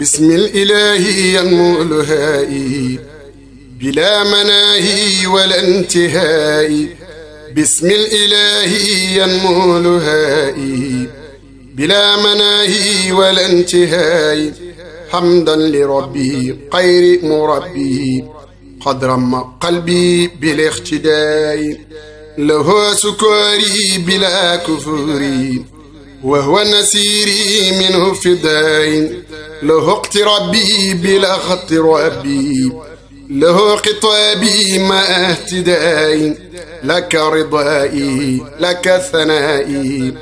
بسم الإله المؤلهاء بلا مناهي ولا انتهاء بسم الإله ينمولها بلا مناهي ولا انتهاء حمدا لربي خير مربي قد رم قلبي بالاختداء له سكوري بلا كفوري وهو نسيري منه فداء له اقترابي بلا اقترابي له خطابي ما اهتداء لك رضائي لك ثنائي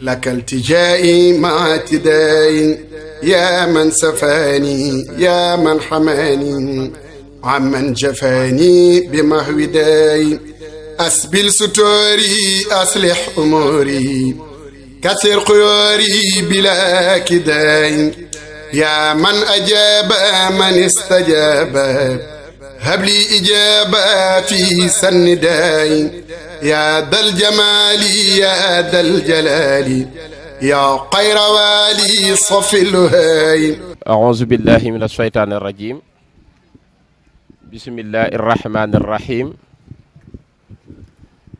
لك التجائي مع اعتداء يا من سفاني يا من حماني عمن جفاني بمهوداي أسبل ستوري أصلح أموري كسر قيوري بلا كداين يا من أجاب من استجاب هب لي إجابة في سنداين يا ذا الجمال يا ذا الجلال يا خير والي صف الهاين أعوذ بالله من الشيطان الرجيم بسم الله الرحمن الرحيم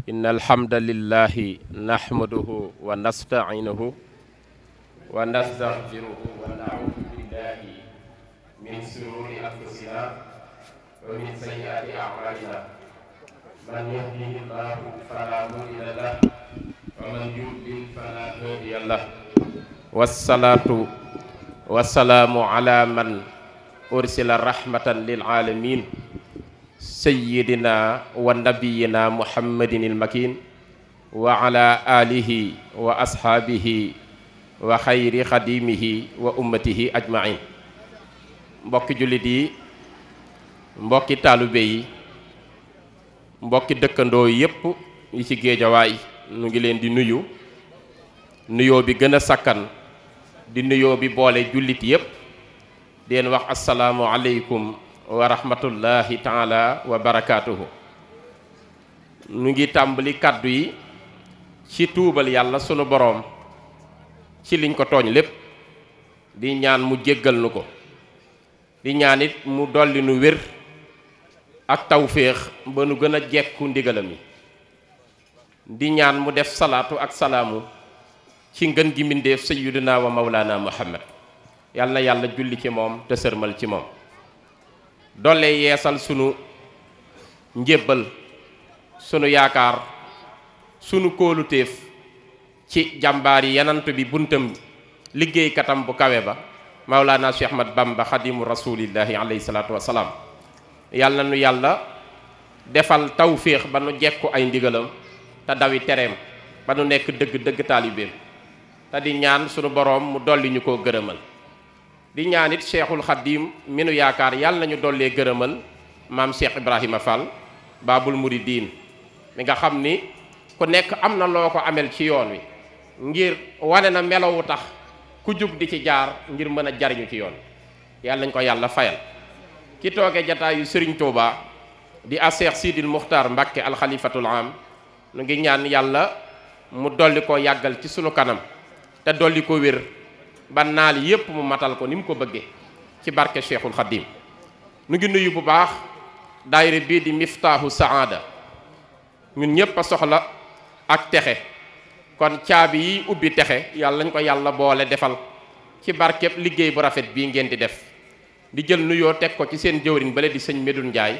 إن الحمد لله نحمده ونستعينه ونستغفره ونعوذ بالله من سرور أنفسنا ومن سيئات أعمالنا من يهده الله فلا مضل له ومن يضلل فلا هادي له والصلاة والسلام على من أرسل رحمة للعالمين sayyidina wa nabiyina muhammadin ilmakin wa ala alihi wa ashaabihi wa xayri xadimihi wa ummatihi ajmain mbokki jullit yi mbokki taalibe yi mbokki dëkkandoo yépp yi ci géejawaay mu ngi leen di nuyu nuyoo bi gëna a sakkan di nuyoo bi boole jullit yépp deen wax asalaamu aleykum wa rahmatullahi taala wa barakaatuhu ñu ngi tàmbali kàddu yi ci tuubal yàlla sunu boroom ci liñ ko tooñ lépp di ñaan mu jéggal nu ko di ñaan it mu dolli nu wér ak tawféex ba nu gën a jekku ndigalam yi di ñaan mu def salaatu ak salaamu ci ngën gi mbindéef sayyidina wa mawlaana muhammad yal na yàlla julli ci moom te sërmal ci moom dolle yeesal sunu njébbal sunu yaakaar sunu kóolutéef ci jàmbaar yi yanantu bi buntam liggéeykatam bu kawe ba mawlaana Cheikh Ahmad Bamba xadimu rasulillahi alayhi salaatu wasalaam yàlla na nu yàlla defal tawféex ba nu jekku ay ndigalam te dawi tereem ba nu nekk dëgg dëgg taalibeem te di ñaan sunu boroom mu dolli ñu ko gërëmal di ñaanit cheikhul xaddim minu yaakaar yàlla nañu dollee gërëmal maam cheikh ibrahima fal baabul muridin mi nga xam ni ku nekk am na loo ko amel ci yoon wi ngir wane na melowu tax ku jug di ci jaar ngir mën a jariñu ci yoon yàlla nañ ko yàlla fayal ki tooge jataayu sëriñ Touba di a cheikh sidil muxtar mbakke alxalifatul am nu ngi ñaan yàlla mu dolli ko yàggal ci sunu kanam te dolli ko wér ba naal yépp mu matal ko ni mu ko bëggee ci barke Cheikhul Khadim nu ngi nuyu bu baax daayira bii di miftaahu saada ñun ñépp a soxla ak texe kon caabi yi ubbi texe yàlla nañ ko yàlla boole defal ci barkeb liggéey bu rafet bii ngeen di def di jël nuyoo teg ko ci seen jëwriñ bale di sëñ Medoune Ndiaye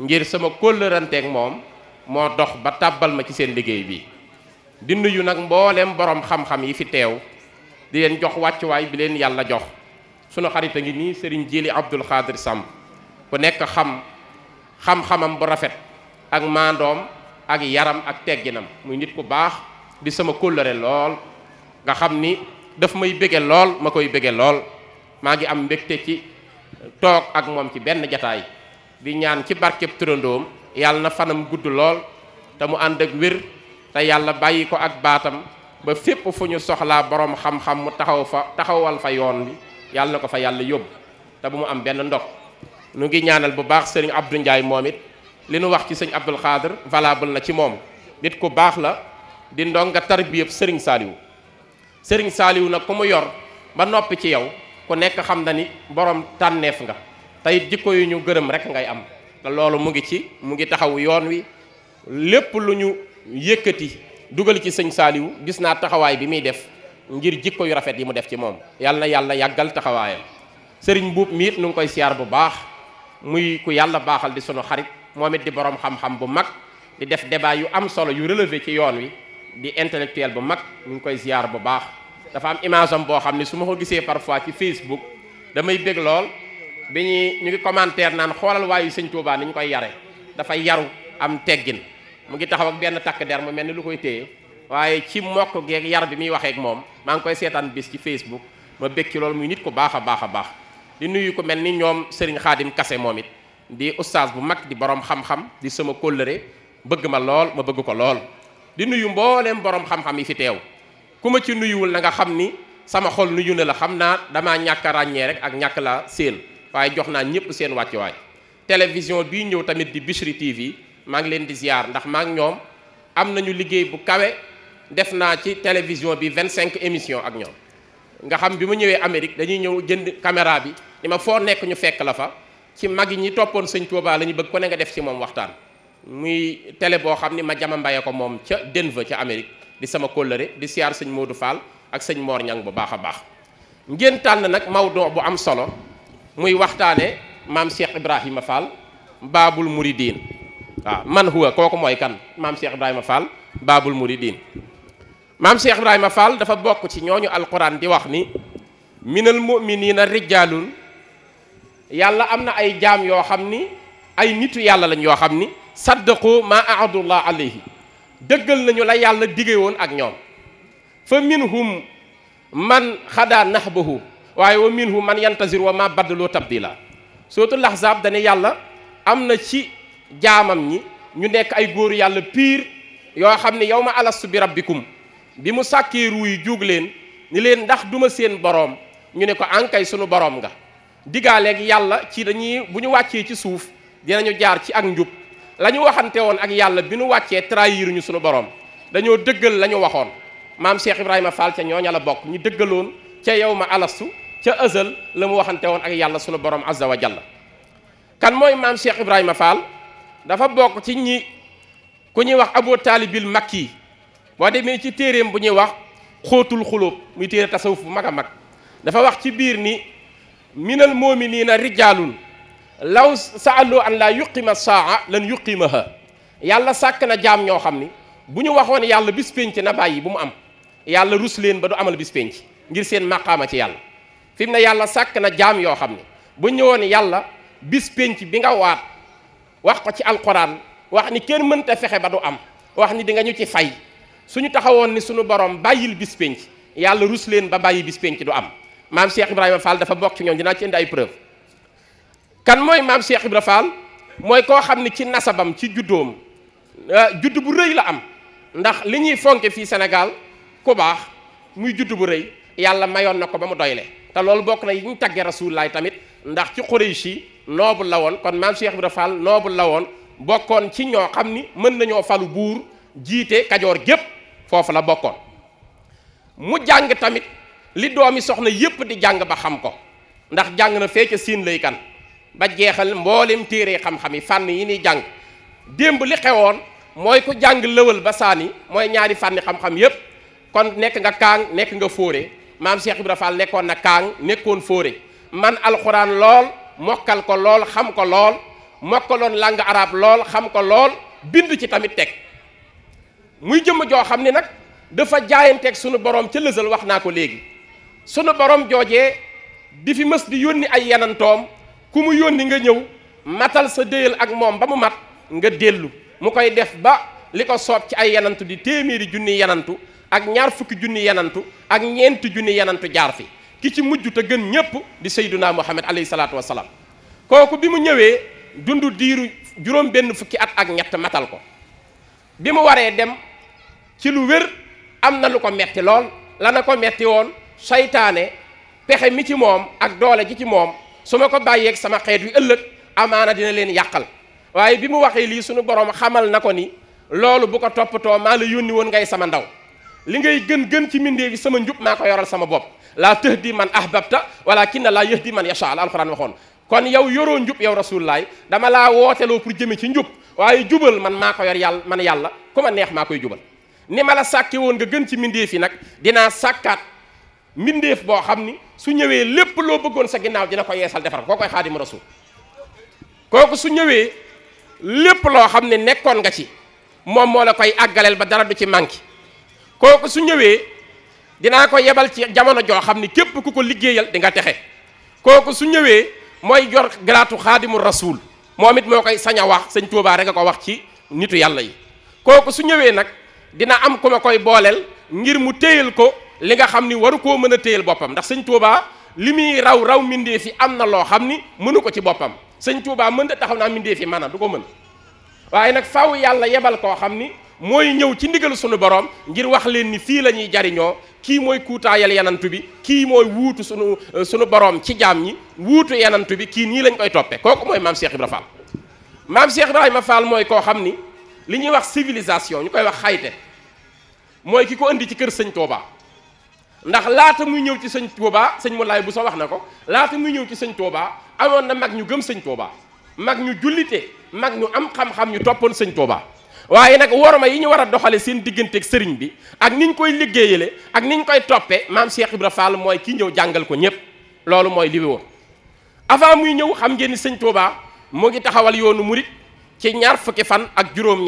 ngir sama kóllëranteeg moom moo dox ba tàbbal ma ci seen liggéey bi di nuyu nag mboolem boroom xam-xam yi fi teew di leen jox wàccuwaay bi leen yàlla jox sunu xarit a ngi nii sëriñ Jili Abdul Xaadir sàmm ku nekk xam xam-xamam bu rafet ak maandoom ak yaram ak tegginam muy nit ku baax di sama kóllëre lool nga xam ni dafa may bëgge lool ma koy bëgge lool maa ngi am mbégte ci toog ak moom ci benn jataay di ñaan ci barkeb turandoom yàlla na fanam gudd lool te mu ànd ak wér te yàlla bàyyi ko ak baatam ba fépp fu ñu soxlaa borom xam-xam mu taxaw fa taxawal fa yoon bi yàlla na ko fa yàlla yóbbu te bu mu am benn ndox nu ngi ñaanal bu baax sëriñ Abdou Ndiaye moom it li nu wax ci sëñ Abdul Xaadir valable na ci moom nit ku baax la di ndonga tarbiyab sëriñ Saaliw sëriñ Saaliw nag ku mu yor ba noppi ci yow ku nekk xam na ni borom tànneef nga tey jikko yu ñu gërëm rek ngay am te loolu mu ngi ci mu ngi taxaw yoon wi lépp lu ñu yëkkati dugal ci sëñ saaliw gis naa taxawaay bi muy def ngir jikko yu rafet yi mu def ci moom yàlla na yàlla yàggal taxawaayam sëriñ buub miit nu ngi koy siyaar bu baax muy ku yàlla baaxal di sunu xarit moom it di borom xam-xam bu mag di def débat yu am solo yu relevé ci yoon wi di intellectuel bu mag nu ngi koy siyaar bu baax dafa am image boo xam ne su ma ko gisee parfois ci Facebook damay bég lool bi ñuy ñu ngi commentaire naan xoolal waayu sëñ Tuubaa ni koy yare dafa yaru am teggin mu ngi taxaw ak benn takk der mu mel ni lu koy téye waaye ci mokk geeg yar bi muy waxeek moom maa ngi koy seetaan bis ci Facebook ma bëgg ci loolu muy nit ku baax a baax a baax di nuyu ko mel ni ñoom Serigne xaadim kase moom it di oustaz bu mag di borom xam-xam di sama kóllëre bëgg ma lool ma bëgg ko lool di nuyu mbooleem borom xam-xam yi fi teew ku ma ci nuyuwul na nga xam ni sama xol nuyu ne la xam naa damaa ñàkk ràññee rek ak ñàkk la séen waaye jox naa ñëpp seen wàccuwaay télévision bii ñëw tamit di Bichri TV maa ngi leen di ziar ndax maa ngi ñoom am nañu liggéey bu kawe def naa ci télévision bi vingt cinq émission ak ñoom nga xam bi ma ñëwee Amérique dañuy ñëw jënd caméra bi ni ma foo nekk ñu fekk la fa ci mag yi ñi toppoon sëñ Touba la ñu bëgg ko ne nga def ci moom waxtaan muy télé boo xam ni ma jama mbaye ko moom ca Denver ca Amérique di sama kóllëre di siyaar sëñ Modou Fall ak sëñ moor Ñang bu baax a baax ngeen tànn nag mawdo bu am solo muy waxtaane maam Cheikh Ibrahima Fall baabul muridin waaw man huwa kooku mooy kan maam Cheikh Ibrahima Fall baabul muridin maam Cheikh Ibrahima Fall dafa bokk ci ñooñu alquran di wax ni minal muminina rijaalun yàlla am na ay jaam yoo xam ni ay nitu yàlla lañ yoo xam ni saddaqu ma ahadullah alayhi dëggal nañu la yàlla dige woon ak ñoom fa minhum man xadaa nahbahu waaye wa minhum man yantazir wa ma baddaloo tabdila sootu laxzaab dane yàlla am na ci jaamam ñi ñu nekk ay góor yàlla piir yoo xam ne yow ma alastu bi rabbikum bi mu sàkkee ruu yi juug leen ni leen ndax duma seen boroom ñu ne ko ankay sunu boroom nga diggaaleeg yàlla ci dañuy bu ñu wàccee ci suuf ñu jaar ci ak njub la ñu waxante woon ak yàlla bi nu wàccee trahir ñu sunu boroom dañoo dëggal la ñu waxoon maam Cheikh Ibrahima Fall ca ñooña la bokk ñu dëggaloon ca yow ma alastu ca ësal la mu waxante woon ak yàlla sunu boroom azza wa jalla kan dafa bokk ci ñi ku ñuy wax abu taalibil makki boo demee ci téeréem bu ñuy wax xóotul xulóob muy téere tasawuf bu mag a mag dafa wax ci biir ni minal moominiina rijaalun law saaloo an laa ma saa lan yuqimaha yàlla sàkk na jaam ñoo xam ni bu ñu waxoon yàlla bis pénc na bàyyi bu mu am yàlla rus leen ba du amal bis pénc ngir seen màqaama ci yàlla fi na yàlla sàkk na jaam yoo xam ne bu ñëwoon yàlla bis pénc bi nga waat wax ko ci alquran wax ni kenn mënta fexe ba du am wax ni di nga ñu ci fay suñu taxawoon ni suñu borom bàyyil bis penc yàlla rus leen ba bàyyi bis penc du am maam Cheikh Ibrahima Fall dafa bokk ci ñoom dinaa ci indi ay preuve kan mooy maam Cheikh Ibrahima Fall mooy koo xam ni ci nasabam ci juddoom euh, juddu bu rëy la am ndax li ñuy fonke fii Sénégal ku baax muy juddu bu rëy yàlla mayoon na ko ba mu doyle te loolu bokk na yi ñu tagge laay tamit ndax ci Quraysh yi noobu la woon kon maam seex Ibra Fall noobu la woon bokkoon ci ñoo xam ni mën nañoo falu buur jiite kajoor jépp foofu la bokkoon mu jàng tamit li doomi soxna yépp di jàng ba xam ko ndax jàng na fee ca siin lay kan ba jeexal mboolem téere xam-xam yi fànn yi ni jàng démb li xewoon mooy ku jàng lëwal ba sànni mooy ñaari fànni xam-xam yépp kon nekk nga kaang nekk nga fóore maam Cheikh Ibra Fall nekkoon na kaang nekkoon fóore man alxuraan lool mokkal ko lool xam ko lool mokkaloon langue arabe lool xam ko lool bind ci tamit teg muy jëmm joo xam ni nag dafa jaayanteeg sunu borom ca lësal wax naa ko léegi sunu borom joojee di fi mës di yónni ay yenentoom ku mu yónni nga ñëw matal sa déyal ak moom ba mu mat nga dellu mu koy def ba li ko soob ci ay yenantu di téeméeri junni yenantu ak ñaar fukki junni yenantu ak ñeenti junni yenantu jaar fi ki ci mujj te gën ñépp di sayduna muhammad alayhi salaatu wasalaam kooku bi mu ñëwee dund diiru juróom benn fukki at ak ñett matal ko bi mu waree dem ci lu wér am na lu ko metti lool la na ko metti woon seytaane pexe mi ci moom ak doole ji ci moom su ma ko bàyyeek sama xeet wi ëllëg amaana dina leen yàqal waaye bi mu waxee lii sunu borom xamal na ko ni loolu bu ko toppatoo maa la yónni woon ngay sama ndaw li ngay gën gën ci mbindeef yi sama njub maa ko yoral sama bopp laa tahdi man ahbabta walakinna laa yahdi man yasha la alxuraan waxoon kon yow yoroo njub yow rasulullaay dama laa wooteloo pour jëme ci njub waaye jubal man maa ko yor yàlla man yàlla ku ma neex maa koy jubal ni ma la sàkke woon nga gën ci mbindeef yi nag dinaa sàkkaat mbindeef boo xam ni su ñëwee lépp loo bëggoon sa ginnaaw dina ko yeesal defar ko koy xaadimu rasul kooku su ñëwee lépp loo xam ne nekkoon nga ci moom moo la koy àggaleel ba dara du ci manqué dinaa ko yebal ci jamono joo xam ni képp ku ko liggéeyal di nga texe kooku su ñëwee mooy jor galaatu xaadimu rasuul moom it moo koy saña a wax sëñ Tuubaa rek a ko wax ci nitu yàlla yi kooku su ñëwee nag dina am ku ma koy booleel ngir mu téyel ko li nga xam ni waru koo mën a téyel boppam ndax sëñ Tuubaa li muy raw raw mbindee fi am na loo xam ni mënu ko ci boppam sëñ Tuubaa mën da taxaw naa mindee fi maanaam du ko mën waaye nag faw yàlla yebal koo xam ni mooy ñëw ci ndigal sunu borom ngir wax leen ni fii la ñuy jariñoo kii mooy kuutaayal yanantu bi kii mooy wuutu sunu euh, sunu boroom ci jaam ñi wuutu yanantu bi kii nii lañ koy toppee kooku mooy maam Cheikh Ibra Fall maam Cheikh Ibrahima Fall mooy koo xam ni li ñuy wax civilisation ñu koy wax xayte mooy ki ko indi ci kër sëñ Touba ndax laata muy ñëw ci sëñ Touba sëñ Moulay bu sa wax na ko laata muy ñëw ci sëñ Touba amoon na mag ñu gëm sëñ Touba mag ñu jullite mag ñu am xam-xam ñu toppoon sëñ Touba. waaye nag worma yi ñu war a doxale seen digganteeg sëriñ bi ak niñ koy liggéeyale ak niñ koy toppee maam Cheikh Ibra Fall mooy kii ñëw jàngal ko ñëpp loolu mooy li wóor avant muy ñëw xam ngeen ni sëñ Touba moo ngi taxawal yoonu murit ci ñaar fukki fan ak juróom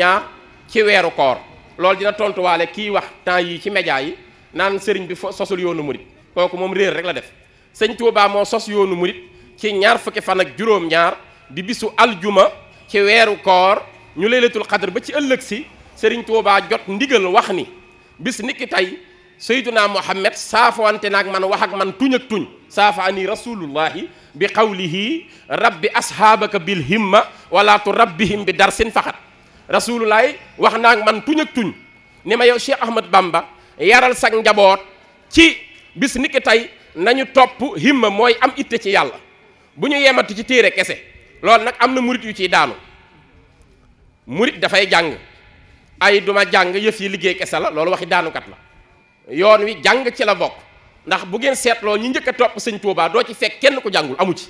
ci weeru koor loolu dina tontuwaale kii wax temps yi ci média yi naan sëriñ bi fo sosul yoonu murit kooku moom réer rek la def sëñ Touba moo sos yoonu murit ci ñaar fukki fan ak juróom-ñaar di bisu aljuma ci weeru koor ñu laylatul xadr ba ci ëllëg si sëriñ Tuubaa jot ndigal wax ni bis niki tey sayyiduna Muhammad saafowante naag man wax ak man tuñ ak tuñ saafaani rasulullahi bi qawlihi rabbi ashaabaka bil himma wala tu rabbihim bi darsin faxat rasulullahi wax naag man tuñ ak tuñ ni ma yow Cheikh Ahmad Bamba yaral sag njaboot ci bis niki tey nañu topp himma mooy am itte ci yàlla bu ñu yemati ci téere kese loolu nag am na murit yu ciy daanu murit dafay jàng ay duma jàng yëf yi liggéey kese la loolu waxi daanukat la yoon wi jàng ci la bokk ndax bu ngeen seetloo ñi njëkk a topp sañ Touba doo ci fekk kenn ku jàngul amu ci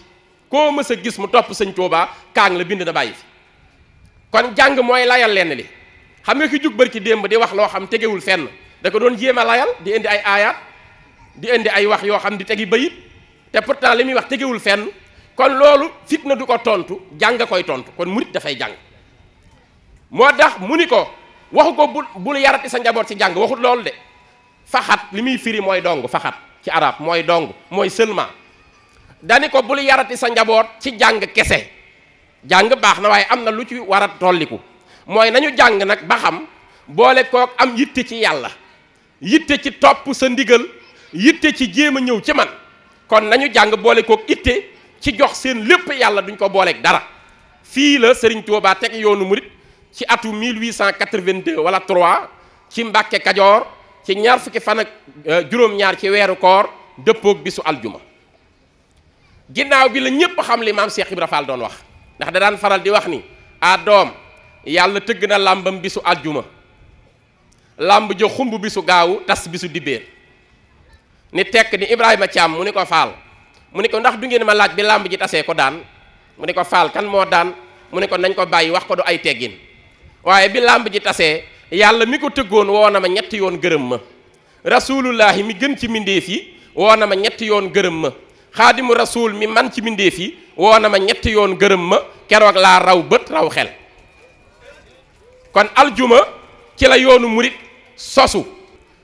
koo mës a gis mu topp sañ Touba kaang la bind na bàyyi fi kon jàng mooy layal lenn li xam nga ki jug bër ci démb di wax loo xam tegewul fenn da ko doon jéem a layal di indi ay aayaat di indi ay wax yoo xam di tegi ba bayit te pourtant li muy wax tegewul fenn kon loolu fitna du ko tontu jàng koy tontu kon murit dafay jàng. moo tax mu ni ko waxu ko bu bul yarati sa njaboot ci jàng waxut loolu de faxat li muy firi mooy dong faxat ci araab mooy dong mooy seulement dani ko bul yarati sa njaboot ci jàng kese jàng baax na waaye am na lu ci war a tolliku mooy nañu jàng nag ba xam boole kook am yitte ci yàlla yitte ci topp sa ndigal yitte ci jéem a ñëw ci man kon nañu jàng boole kook itte ci jox seen lépp yàlla duñ ko booleek dara fii la Sëriñ Tuubaa teg yoonu murit ci atu 1882 wala 3 ci Mbàkke Kajoor ci ñaar fukki fan ak euh, juróom-ñaar ci weeru koor dëppoog bisu aljuma ginnaaw bi la ñépp xam li maam Cheikh Ibra Fall doon wax ndax da daan faral di wax ni a doom yàlla tëgg na làmbam bisu aljuma làmb jo xumb bisu gaaw tas bisu dibéer ni tekk ni Ibrahima Thiam mu ne ko faal mu ne ko ndax du ngeen ma laaj bi làmb ji tasee ko daan mu ne ko faal kan moo daan mu ni ko nañ ko bàyyi wax ko du ay teggin waaye bi làmb ji tasee yàlla mi ko tëggoon woo na ma ñetti yoon gërëm ma rasulullahi mi gën ci mbindeef yi woo na ma ñetti yoon gërëm ma xaadimu rasul mi man ci mbindeef yi woo na ma ñetti yoon gërëm ma keroog laa raw bët raw xel kon aljuma ci la yoonu murit sosu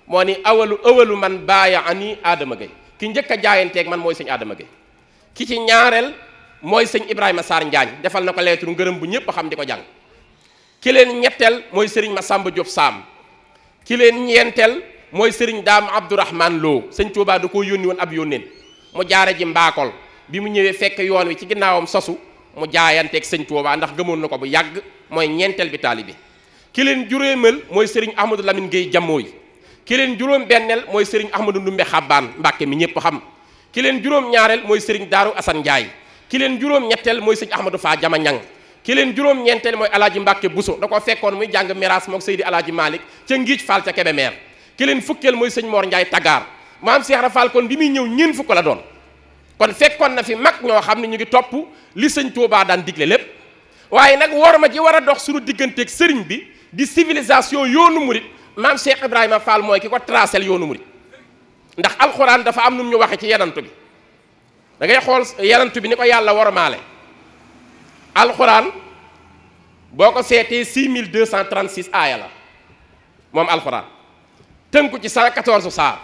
moo ni awalu awalu man baaya ni aadama Gueye ki njëkk jaayanteek man mooy sëñ Adama Gueye ki ci ñaareel mooy sëñ Ibrahima Sarr Njaañ defal na ko leeturu gërëm bu ñëpp xam di ko jàng ki leen ñetteel mooy sëriñ Masamba Diop Saam ki leen ñeenteel mooy sëriñ Daam Abdourahman Lo sëñ Tuubaa da koo yónni woon ab yónneen mu jaare ji mbaakol bi mu ñëwee fekk yoon wi ci ginnaawam sosu mu jaayanteeg sëñ Tuubaa ndax gëmoon na ko bu yàgg mooy ñeenteel bi taalibe ki leen juróomeel mooy sëriñ Ahmadou Lamine Gueye Jammooy ki leen juróom benneel mooy sëriñ Ahmadou Ndumbe Xabbaan Mbàkke mi ñëpp xam ki leen juróom ñaareel mooy sëriñ Daaru Asan Njaay ki leen juróom mooy sëriñ Ahmadou Faa Jama Ñang ki leen juróom-ñeenteel mooy alaaji Mbàkke Buso da ko fekkoon muy jàng miraas mook Seydi alaaji Malick ca Ngiij Fall ca Kébémer ki leen fukkeel mooy sëñ Mor Ndiaye Tagaar maam Cheikh Ibra Fall kon bi muy ñëw ñeen fukk la doon kon fekkoon na fi mag ñoo xam ne ñu ngi topp li sëñ Touba daan digle lépp waaye nag war ma ci war a dox sunu digganteek sëriñ bi di civilisation yoonu murit maam Cheikh Ibrahima Fall mooy ki ko tracel yoonu murit ndax alxuraan dafa am nu ñu waxee ci yanantu bi da ngay xool yanantu bi ni ko yàlla warmaale alxuraan boo ko seetee 6236 aaya la moom alxuraan tënku ci cent 114 saar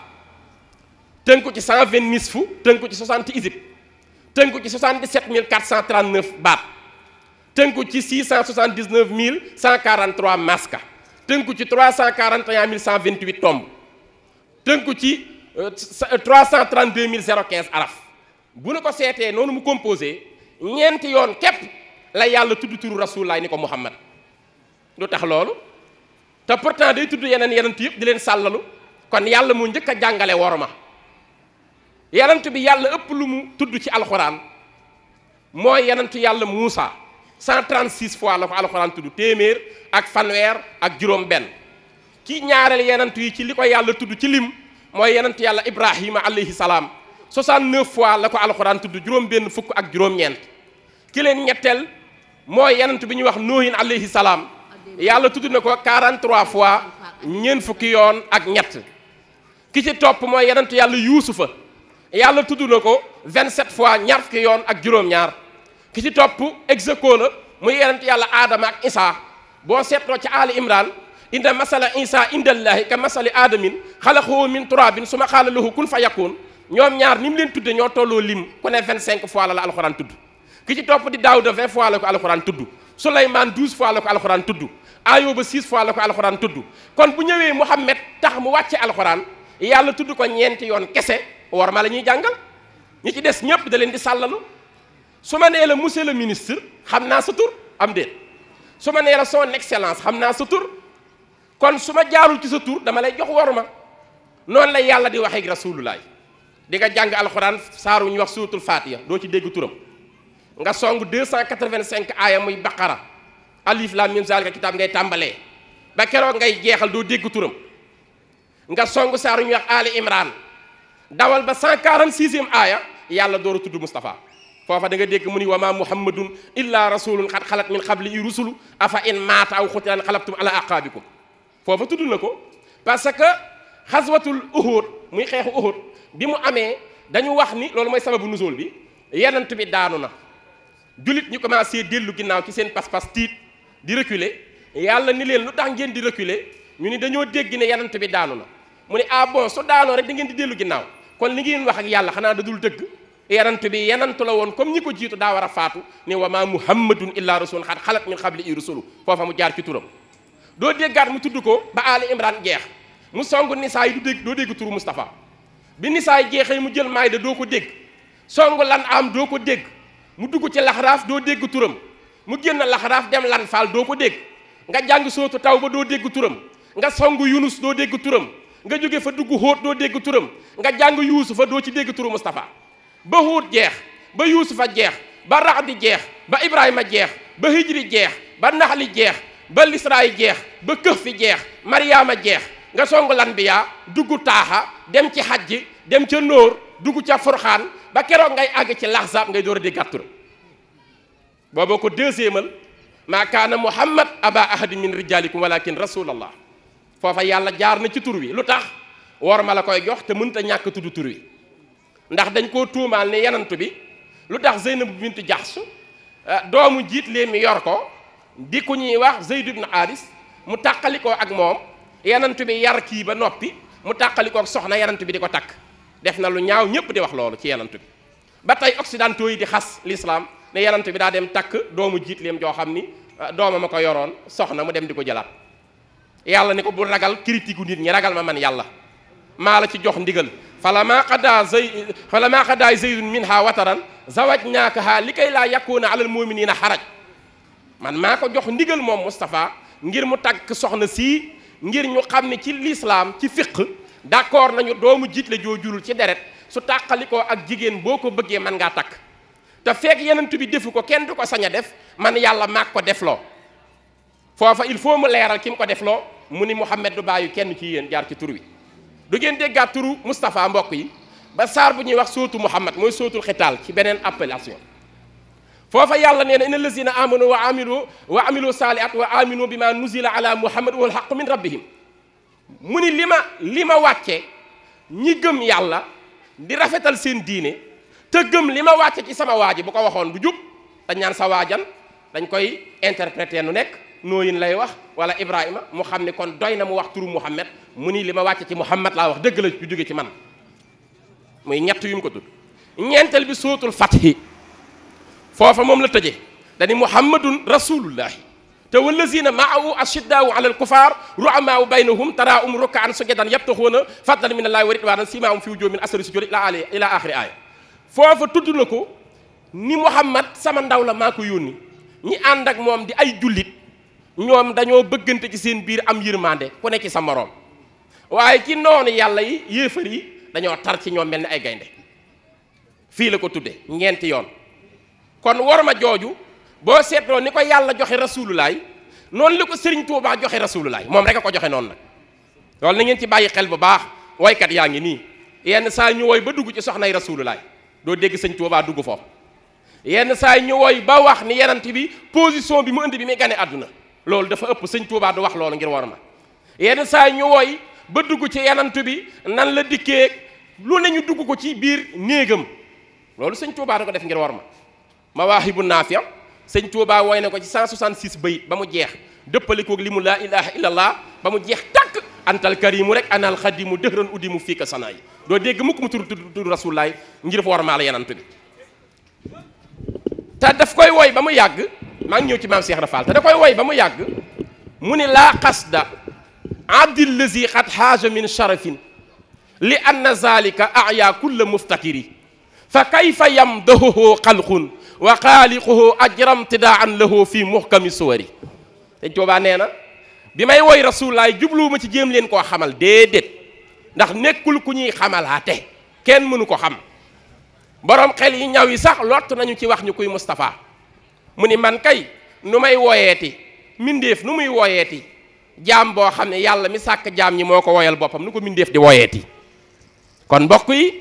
tënku ci 120 nisfu tënku ci 60 isib tënku ci 77439 baat tënku ci 679 143 maska tënku ci 341 128 tomb tënku ci 332 euh, 015 araf bu nu ko seetee noonu mu composé ñeenti yoon képp la yàlla tudd turu rasulullaay ni ko muhammad lu tax loolu te pourtant day tudd yeneen yenent yëpp di leen sàllalu kon yàlla mu njëkk a jàngale worma yenent bi yàlla ëpp lu mu tudd ci alxuraan mooy yenentu yàlla Muusa 136 fois la ko alxuraan tudd téeméer ak fanweer ak juróom benn kii ñaareel yenentu yi ci li ko yàlla tudd ci lim mooy yenentu yàlla Ibrahima alayhi salaam 69 fois la ko alxuraan tudd juróom benn fukk ak juróom-ñeent leen ñetteel mooy yenent bi ñuy wax nuuhin alayhi salaam yàlla tudd na ko 43 fois ñeent fukki yoon ak ñett ki ci topp mooy yenent yàlla yuusufa yàlla tudd na ko 27 fois ñaar fukki yoon ak juróom-ñaar ki ci topp execo la muy yenent yàlla aadama ak isaa boo seetloo ci aali imran inda masala isa indallaahi ka masali aadamin xalaqahu min turabin suma xaala lahu kun fa yakun ñoom ñaar ni mu leen tudde ñoo tolloo lim ku ne 25 fois la la alxuraan tudd ki ci topp di Daawuda vingt fois la ko alxuraan tudd Souleymane douze fois la ko alxuraan tudd Ayuba six fois la ko alxuraan tudd kon bu ñëwee Muhammad tax mu wàcce alxuraan yàlla tudd ko ñeenti yoon kese war ma la ñuy jàngal ñi ci des ñëpp da leen di sàllalu su ma nee la monsieur le ministre xam naa sa tur am déet su ma nee la son excellence xam naa sa tur kon su ma jaarul ci sa tur dama lay jox war ma noonu la yàlla di waxee ak rasulullaay di nga jàng alxuraan saaru ñu wax suuratul faatiha doo ci dégg turam nga song 285 aaya muy baqara alif lam mim zalika kitaab ngay tàmbalee ba keroog ngay jeexal doo dégg turam nga song saaru ñu wax ali imran dawal ba 146e aaya yàlla dooru a tudd Moustapha foofa da nga dégg mu ni wa ma muhammadun illa rasulun xat xalat min qabli i rusulu afa in maata aw xutilan xalabtum ala aqaabikum foofa tudd na ko parce que xaswatul uhud muy xeexu uhud bi mu amee dañu wax ni loolu mooy sababu nuzul bi yenant bi daanu na jullit ñu commencé dellu ginnaaw ci seen pas-pas tiit di reculer yàlla ni leen lu tax ngeen di reculer ñu ni dañoo dégg ne yanant bi daanu na mu ne ah bon su daanoo rek da ngeen di dellu ginnaaw kon li ngeen wax ak yàlla xanaa da dul dëgg yanant bi yanantu la woon comme ñi ko jiitu daa war a faatu ne wa maa muhammadun illaa rasulun xat xalat min xabli i rusulu foofa mu jaar ci turam doo déggaat mu tudd ko ba aali imran jeex mu song nisaa yi du dégg doo dégg turu Moustapha bi nisaa yi mu jël maayda doo ko dégg song lan am doo ko dégg mu dugg ci laxaraaf doo dégg turam mu génn laxaraaf dem lan faal doo ko dégg nga jàng sootu taw ba doo dégg turam nga song yunus doo dégg turam nga jóge fa dugg xóot doo dégg turam nga jàng yuusufa doo ci dégg turu Moustapha ba xóot jeex ba yuusufa jeex ba raxdi jeex ba ibrahima jeex ba hijri jeex ba naxli jeex ba lisraay jeex ba këf fi jeex mariyaama jeex nga song lan bi yaa dugg taaxa dem ci xajji dem ca nóor dugg ca furxaan ba keroog ngay àgg ci laxsaab ngay door a di gàttul booba ko deuxièmal maa kaana muhammad aba ahadi min rijalikum walakin rasulallah foofa yàlla jaar na ci tur wi lu tax war ma la koy jox te mënta ñàkk tudd tur wi ndax dañ koo tuumaal ne yenantu bi lu tax bu bint Jaxs ah, doomu jiit leen mi yor ko di ku ñuy wax Zeyd ibn Haris mu tàqalikoo ak moom yenantu bi yar kii ba noppi mu tàqalikoo ak soxna yenantu bi di ko takk def na lu ñaaw ñëpp di wax loolu ci yenant bi ba tey occidentaux yi di xas lislaam ne yenant bi daa dem takk doomu jiitleem joo xam ni euh, doomam a ko yoroon soxna mu dem di ko jëlaat yàlla ni ko bu ragal critique nit ñi ragal ma man yàlla maa la ci jox ndigal falamaa qadaa zay falamaa qadaa zaydun minha wataran zawajnaakaha li kay laa yakuna alal muminina xaraj man maa ko jox ndigal moom Moustapha ngir mu takk soxna sii ngir ñu xam ne ci lislaam ci fiq d'accord nañu doomu jiit la joo jurul ci deret su tàqali ko ak jigéen boo ko bëggee mën ngaa takk te fekk yenentu bi defu ko kenn du ko sañ a def man yàlla maag ko def loo foofa il faut mu leeral ki mu ko loo mu ni Mouhamed du bàyyi kenn ci yéen jaar ci tur wi du ngeen déggaat turu Moustapha mbokk yi ba saar bu ñuy wax sootu Mouhamed mooy sootul xitaal ci beneen appellation foofa yàlla nee na inna lazina amanu wa amilu wa amilu saalihat wa aminu bi ma nuzila ala Mouhamed wal haqu min rabbihim mu ni li ma li ma wàcce ñi gëm yàlla di rafetal seen diine te gëm li ma wàcce ci sama waa ji bu ko waxoon bu jub dañ ñaan sa waajan dañ koy interpréter nu nekk nooyin lay wax wala Ibrahima mu xam ni kon doy na mu wax turu Muhammad mu ni li ma wàcce ci Muhammad laa wax dëgg la ju jóge ci man muy ñett yu mu ko tudd ñeenteel bi sootul fathi foofa moom la tëje dani muhammadun rasulullahi te wallazina maahu ashiddaau ala alkufaar ru'amaa baynahum taraahum rukkaan sujadan yabtaxuuna fadlan min allaahi wa ridwaanan siimaahum fi wujuuhihim min asari sujuud ilaa ali ilaa aaxiri aaya foofa tudd na ko ni Muhammad sama ndaw la maa ko yónni ñi ànd ak moom di ay jullit ñoom dañoo bëggante ci seen biir am yërmande ku ne ci sa moroom waaye ci noonu yàlla yi yéefar yi dañoo tar ci ñoom mel ni ay gaynde fii la ko tudde ñeenti yoon kon war ma jooju boo seetloo ni ko yàlla joxe rasulullaay noonu la ko sëriñ Tuubaa joxe rasulullaay moom rek a ko joxe noonu nag loolu na ngeen ci bàyyi xel bu baax woykat yaa ngi nii yenn saa ñu woy ba dugg ci soxnay rasulullaay doo dégg sëñ Tuubaa dugg foofu yenn saa ñu woy ba wax ni yenant bi position bi mu indi bi muy gane àdduna loolu dafa ëpp sëñ Tuubaa du wax loolu ngir war ma yenn saa ñu woy ba dugg ci yenant bi nan la dikkee lu ne ñu dugg ko ci biir néegam loolu sëñ Tuubaa da ko def ngir war ma ma mawaahibu naafi' sëñ Tuubaa woy na ko ci 166 bayit ba mu jeex dëppalikoog li mu laa ilaha illallah ba mu jeex tàkk antal karimu rek anal xadimu dëxran uddi mu fii ka sanaa yi doo dégg mukk mu tudd tudd rasulaay ngir fa war maa la bi te daf koy woy ba mu yàgg maa ngi ci maam Cheikh Rafal te woy ba mu yàgg mu ni laa qasda abdil lazi xat xaaja min sharafin li anna zalika aya kulla muftakiri fa kayfa yamdahuhu xalqun wa xaaliquhu ajram tidaan lahu fi muhkami suwari te Tuubaa nee na bi may woy rasulullaay jubluwuma ci jéem leen koo xamal déedéet ndax nekkul ku ñuy xamalaate kenn mënu ko xam borom xel yi ñaw yi sax lott nañu ci wax ñu kuy Moustapha mu ni man kay nu may wooyeeti mindéef nu muy wooyeeti jaam boo xam ne yàlla mi sàkk jaam ñi moo ko woyal boppam nu ko mindéef di wooyeeti kon mbokk yi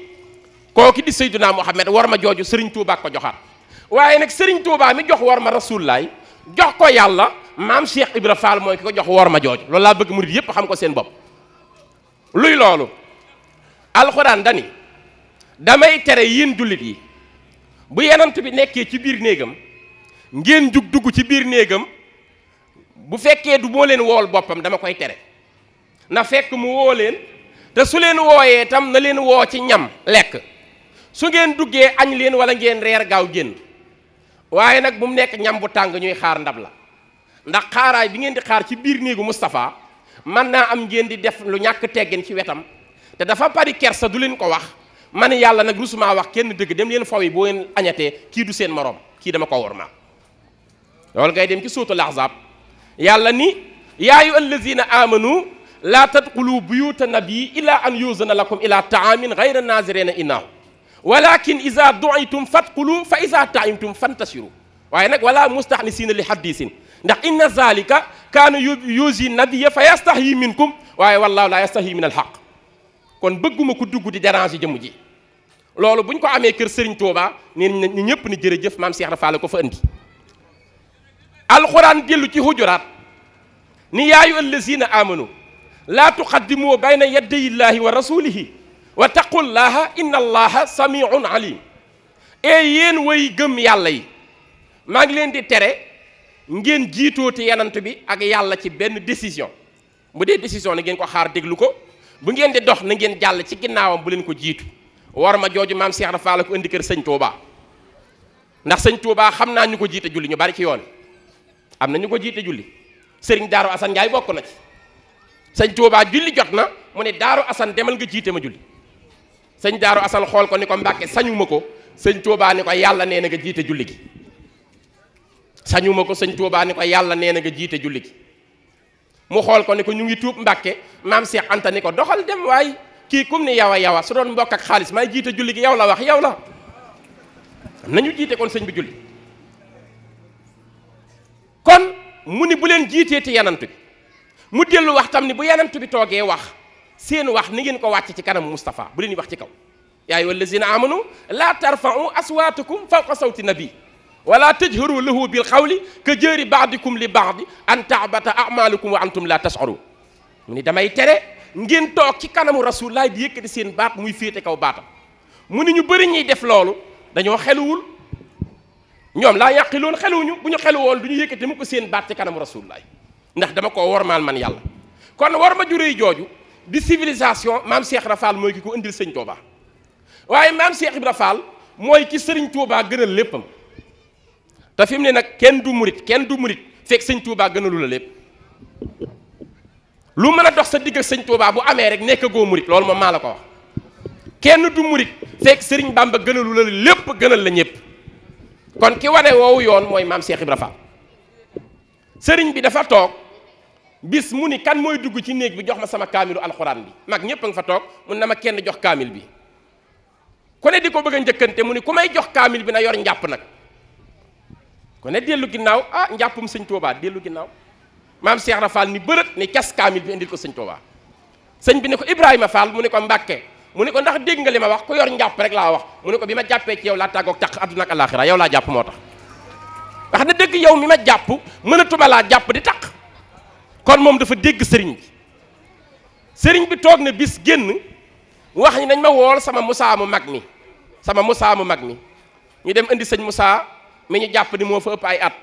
kooki di Seydunaa Muhammad war ma jooju Sëriñ Tuubaa ko joxaat waaye nag sëriñ Touba mi jox war ma rasulaay jox ko yàlla maam Cheikh Ibra Fall mooy ki ko jox war ma jooju loolu laa bëgg murid yëpp xam ko seen bopp luy loolu alxuraan dani damay tere yéen jullit yi bu yenant bi nekkee ci biir néegam ngeen jug dugg ci biir néegam bu fekkee du moo leen wool boppam dama koy tere na fekk mu woo leen te su leen wooyee tam na leen woo ci ñam lekk su ngeen duggee añ leen wala ngeen reer gaaw génn waaye nag bu mu nekk ñam bu tàng ñuy xaar ndab la ndax xaaraay bi ngeen di xaar ci biir néegu Moustapha man naa am ngeen di def lu ñàkk teggin ci wetam te dafa bari kersa du leen ko wax ma ne yàlla nag rusuma wax kenn dëgg dem leen faw yi boo leen añatee kii du seen morom kii dama ko war ma ngay dem ci suutu laxzaab yàlla ni yaayu allazina amanu laa te buyuta nabii illa an yuzana lakum ila taamin gayra na innahu walakin isa duitum fadxulu fa isa taimtum fantasiru waaye nag wala mustaxnisiina li xaddisin ndax inna zalika kaana yuusi nabiya fa yastaxyi minkum waaye wallaahu laa yastaxyi min alxaq kon bëgguma ko dugg di déranger jëmm ji loolu buñ ko amee kër Serigne Touba nee ñu ñëpp ni jërëjëf maam Cheikh Rafaale ko fa andi alxuraan dellu ci hujuraat ni yaayu allazina amanu laa tuqaddimu bayna yaddayi llaahi wa rasulihi wa taqullaha inna allaha samiun alim ee eh, yéen way gëm yàlla yi maa ngi leen di tere ngeen jiitoote yanant bi ak yàlla ci benn décision bu dee décision na ngeen ko xaar déglu ko bu ngeen di dox na ngeen jàll ci ginnaawam bu leen ko jiitu war ma jooju maam Cheikh dafa la ko indi kër sëñ Touba ndax sëñ Touba xam naa ñu ko jiita julli ñu bari ci yoon am na ñu ko jiite julli sëriñ Daaru Assane Ndiaye bokk na ci sëñ Touba julli jot na mu ne Daaru Assane demal nga jiite ma julli sëñ daaru asal xool ko ni ko mbàkke sañuma ko sëñ tuubaa ni ko yàlla nee na nga jiite julli gi sañuma ko sëñ tuubaa ni ko yàlla nee na nga jiite julli gi mu xool ko ni ko ñu ngi tuub mbàkke maam Cheikh Anta ni ko doxal dem waay kii kum ni yawa yawa su doon mbokk ak xaalis may jiite julli gi yow la wax yow la nañu jiite kon sëñ bi julli kon mu ni bu leen jiitee te yanant bi mu dellu wax tam ni bu yanant bi toogee wax seen wax ni ngeen ko wàcc ci kanam Moustapha bu leen wax ci kaw yaa ayyuha allazina amanu laa tarfau aswaatakum fawqa sawti nabi wala tajharu lahu bil xawli ka jëri baadikum li baadi an tax taabata amalukum wa antum la tasharu mu ni damay tere ngeen toog ci kanamu rasulullah di yëkkati seen baat muy féete kaw baatam mu ni ñu bari ñuy def loolu dañoo xeluwul ñoom laa yàqiloon xeluwuñu bu ñu xeluwoon du ñu yëkkati mu ko seen baat ci kanamu rasulullah ndax dama koo wormaal man ma juree di civilisation maam Cheikh Rafaal mooy ki ko indil sëñ Touba waaye maam Cheikh Ibra Fall mooy ki sëriñ Touba gënal léppam te fi mu ne nag kenn du murit kenn du murit fekk sëñ Touba gënalu lépp lu mën a dox sa digg sëñ Touba bu amee rek nekk goo murit moom maa la ko wax kenn du murit fekk sëriñ Bamba gënalu la lépp gënal la ñëpp kon ki wane woowu yoon mooy maam Cheikh Ibra Fall sëriñ bi dafa toog. bis mu ni kan mooy dugg ci néeg bi jox ma sama kaamilu alxuraan bi mag ñëpp nga fa toog mun na ma kenn jox kaamil bi ku ne di ko bëgg a njëkkante mu ni ku may jox kaamil bi na yor njàpp nag ku ne dellu ginnaaw a ah, njàppum sëñ Tuubaa dellu ginnaaw maam Cheikh Ibra Fall ni bërët kes kaamil bi ko sëñ Tuubaa bi ne ko Ibrahima Fall mu ne ko Mbàkke mu ne ko ndax dégg nga li ma wax ku yor njàpp rek laa wax mu ne ko bi ma jàppee ci yow laa tàggoog taq àdduna ak alaaxira yow laa jàpp moo tax wax na dëgg yow mi ma jàpp mënatuma jàpp di kon moom dafa dégg sëriñ bi sëriñ bi toog na bis génn wax ñi dañ ma wool sama Moussa mu mag mi sama Moussa mu mag mi ñu dem indi sëñ musaa mi ñu jàpp ni moo fa ëpp ay at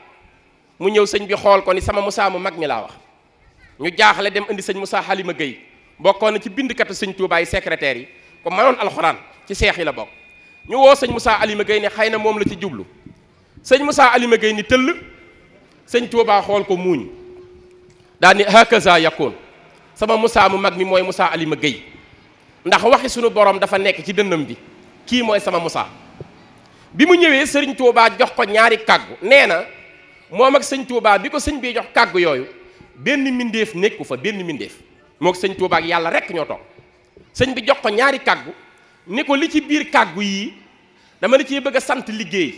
mu ñëw sëñ bi xool ko ni sama Moussa mu mag mi laa wax ñu jaaxle dem indi sëñ Moussa Halima Gueye bokkoon na ci bindkatu sëñ Touba yi yi ko manoon alxuraan ci seex yi la bokk ñu woo sëñ Moussa Halima Gueye ne xay na moom la ci jublu sëñ Moussa Halima Gueye ni tëll sëñ Touba xool ko muuñ daa ni hakaza yakun sama Moussa mu mag mi mooy Moussa Alima Gueye ndax waxi sunu borom dafa nekk ci dënnam bi kii mooy sama Moussa bi mu ñëwee sëriñ Touba jox ko ñaari kàggu nee na moom ak sëñ Touba bi ko sëñ bi jox kàggu yooyu benn mbindeef nekku fa benn mbindeef moo sëñ Touba yàlla rek ñoo toog sëñ bi jox ko ñaari kàggu ni ko li ci biir kàggu yii dama la ciy bëgg sant liggéey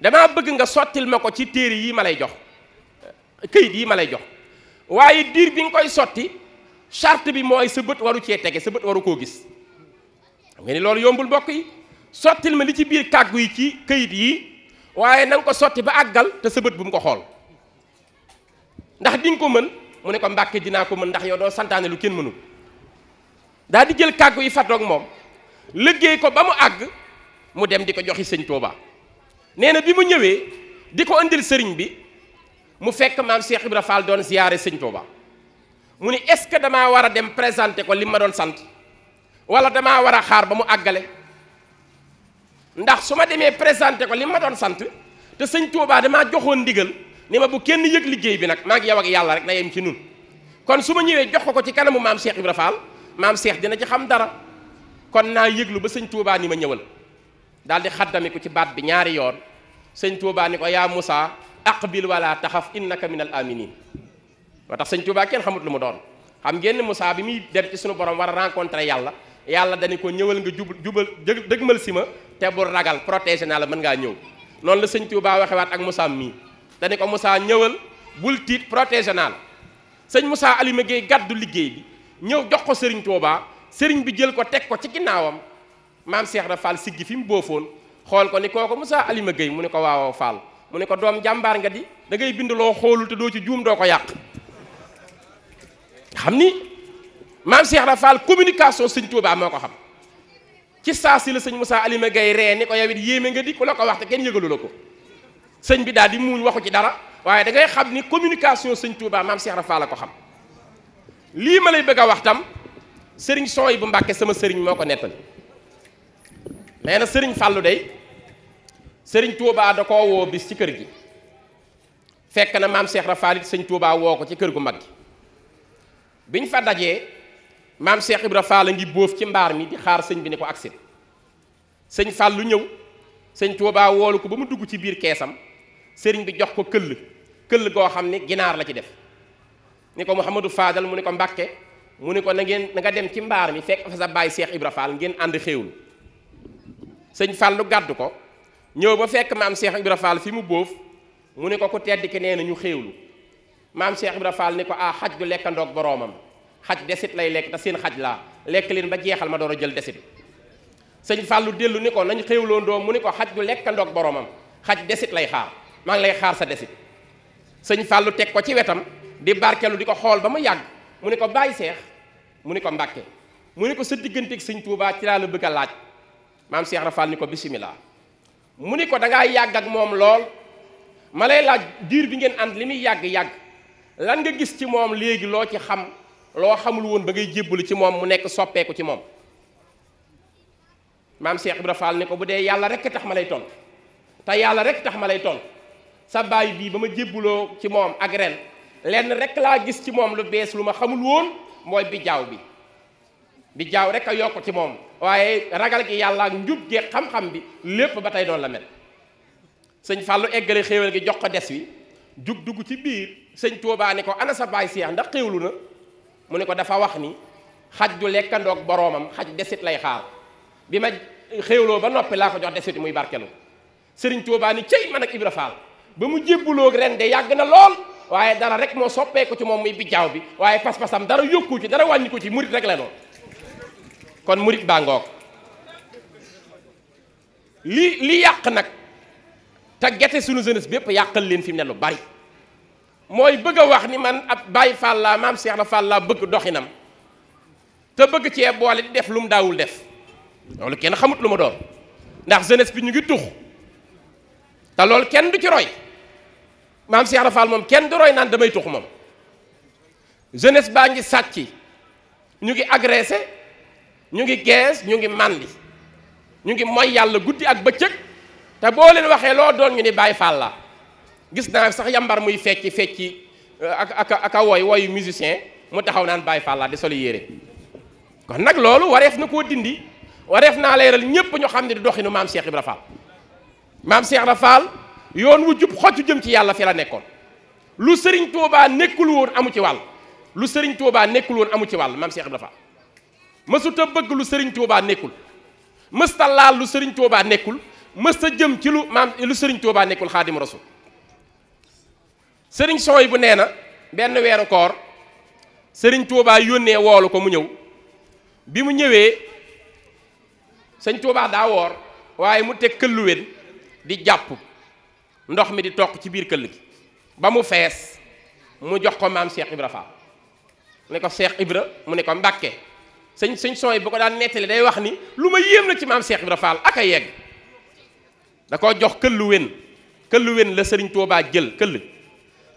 damaa bëgg nga sottil ma ko ci téere yi ma lay jox këyit yi ma lay jox. waaye diir bi nga koy sotti charte bi mooy sa bët waru cee tege sa bët waru koo gis nga ni loolu yombul mbokk yi sottil ma li ci biir kàggu yi ci këyit yi waaye na ko sotti ba àggal te sa bët bu mu ko xool ndax di nga ko mën mu ne ko mbàkke dinaa ko mën ndax yow doo santaane lu kenn mënul daa di jël kàggu yi fatoog moom liggéey ko ba mu àgg mu dem di ko joxi sëñ Tuuba nee na bi mu ñëwee di ko indil sëriñ bi mu fekk maam Cheikh Ibra Fall doon ziyaare sëñ Touba mu ni est-ce que damaa war a dem présenté ko li ma doon sant wala damaa war a xaar ba mu àggale ndax su ma demee présenter ko li ma sant te sëñ Touba damaa joxoon ndigal ni ma bu kenn yëg liggéey bi nag maa ngi yow ak yàlla rek na yem ci nun kon su ma ñëwee jox ko ko ci kanamu maam Cheikh Ibra Fall maam seex dina ci xam dara kon naa yëglu ba sëñ Touba ni ma ñëwal daal di xaddami ko ci baat bi ñaari yoon sëñ Touba ni ko yaa Moussa aqbil wala taxaf innaka minal aminin moo tax sëñ Tuubaa kenn xamut lu mu doon xam ngeen Moussa bi muy dem ci suñu borom war a rencontré yàlla yàlla dañu ko ñëwal nga jubal jubal dëgmal si ma te bu ragal protégé naa la mën ngaa ñëw noonu la sëñ Tuubaa waxe waat ak Moussa mii dañu ko musaa ñëwal bul tiit protégé naa la sëñ Moussa alima Guèye gàddu liggéey bi ñëw jox ko sëriñ Tuubaa sëriñ bi jël ko teg ko ci ginnaawam maam Cheikh na Fall siggi fi mu boofoon xool ko ni kooku Moussa Alioune Guèye mu ne ko waawoo Fall mu ne ko doom jàmbaar nga di dangay ngay bind loo xoolul te doo ci juum doo ko yàq xam ni maam Cheikh Rafal communication sëñ Touba moo ko xam ci saa si la sëñ Moussa Alima Gaye ree ni ko yow it yéeme nga di ku la ko wax te kenn yëgalu la ko sëñ bi daal di muuñ waxu ci dara waaye da ngay xam ni communication sëñ Touba maam Cheikh Rafal la ko xam lii ma lay bëgg a wax tam sëriñ sooy bu Mbàkke sama sëriñ moo ko nettali nee na sëriñ Fallou day. sëriñ Touba da koo woo bis ci kër gi fekk na maam seex Rafaal it sëñ Touba woo ko ci kër gu mag gi biñ fa dajee maam seex Ibra Fall a ngi bóof ci mbaar mi di xaar sëñ bi ne ko agsi sëñ Fall lu ñëw sëñ Touba woolu ko ba mu dugg ci biir keesam sëriñ bi jox ko këll këll goo xam ne ginaar la ci def ni ko Mouhamadou Fadal mu ne ko Mbàkke mu ne ko na ngeen na dem ci mbaar mi fekk fa sa bàyyi Cheikh Ibra ngeen ànd xéewlu sëñ Fall gàdd ko. ñëw ba fekk maam Cheikh Ibra Fall fi mu bóof mu ne ko ku tedd ki nee na ñu xéewlu maam Cheikh Ibra Fall ni ko ah xaj du lekkandoog boroomam xaj desit lay lekk te seen xaj laa lekk leen ba jeexal ma door a jël desit sëñ Fallou dellu ni ko nañ xéewloon doom mu ni ko xaj du lekkandoog boroomam xaj desit lay xaar maa ngi lay xaar sa desit sëñ Fallou teg ko ci wetam di barkelu di ko xool ba mu yàgg mu ni ko bàyyi seex mu ni ko mbàkke mu ni ko sa digganteeg sëñ Touba ci laa la bëgg a laaj maam Cheikh Ibra Fall ni ko bisimilah. mu ni ko da ngaa yàgg ak moom lool ma lay laaj diir bi ngeen ànd li muy yàgg-yàgg lan nga gis ci moom léegi loo ci xam loo xamul woon ba ngay jébbalu ci moom mu nekk soppeeku ci moom maam Cheikh bi Fall ni ko bu dee yàlla rekk tax ma lay tontu te yàlla rekk tax ma lay tontu sa baay bii ba ma jébbaloo ci moom ak ren lenn rekk laa gis ci moom lu bees lu ma xamul woon mooy bijaaw bi bijaaw rekk a yokk ci moom waaye ragal gi yàlla ak njub gi xam-xam bi lépp ba tey doon la mel sëñ Fallou eggale xéewal gi jox ko des wi jug dugg ci biir sëñ Tuubaa ni ko ana sa baay Seex ndax xéewlu na mu ne ko dafa wax ni xaj du lekkandoog boroomam xaj desit lay xaar bi ma xéewloo ba noppi laa ko jox desit muy barkelu sëriñ Tuubaa ni cey man ak Ibra Faal ba mu jébbuloo ren de yàgg na lool waaye dara rek moo soppeeku ci moom muy bijjaaw bi waaye pas-pasam dara yokku ci dara wàññi ko ci murit rek la noonu kon murit baa ngoog li li yàq nag te gerte sunu jeunesse bépp yàqal leen fi mu ne lu bari mooy bëgg a wax ni man ab Baay Faal laa maam Seex na Faal laa bëgg doxinam te bëgg cee boole di def lu mu daawul def loolu kenn xamut lu ma doon ndax jeunesse bi ñu ngi tux te loolu kenn du ci roy maam Seex na Faal moom kenn du roy naan damay tux moom jeunesse baa ngi sàcc ñu ngi agressé ñu ngi gees ñu ngi màndi ñu ngi mooy yàlla guddi ak bëccëg te boo leen waxee loo doon ñu ni Baay Faal la gis naa sax yambar muy fecci fecci euh, ak ak ak a wooy wooyu musicien mu taxaw naan Baay Faal la di solu yére kon nag loolu wareef na koo dindi wareef naa leeral ñépp ñu xam ne di doxinu maam Cheikh Ibra maam Cheikh Ibra Fall yoon wu jub xoccu jëm ci yàlla fi la nekkoon lu sëriñ Tuubaa nekkul woon amu ci wàll lu sëriñ Tuubaa nekkul woon amu ci wàll maam Cheikh Ibra mësuta bëgg lu sëriñ Tuubaa nekkul mësta laal lu sëriñ Tuubaa nekkul mësta jëm ci lu maam lu sëriñ Tuubaa nekkul xaadim rasul sëriñ sooy bu nee na benn weeru koor sëriñ Tuubaa yónnee woolu ko mu ñëw bi mu ñëwee sëñ Tuubaa daa woor waaye mu teg këlluwén di jàpp ndox mi di toq ci biir këll gi ba mu fees mu jox ko maam Cheikh Ibra Fall mu ne ko Cheikh Ibra mu ne ko Mbàkke sëñ sëñ son yi bu ko daan nettali day wax ni lu ma yéem la ci maam seex Ibra Fall ak a yegg da koo jox këllu wen këllu wen la sëriñ Touba jël këll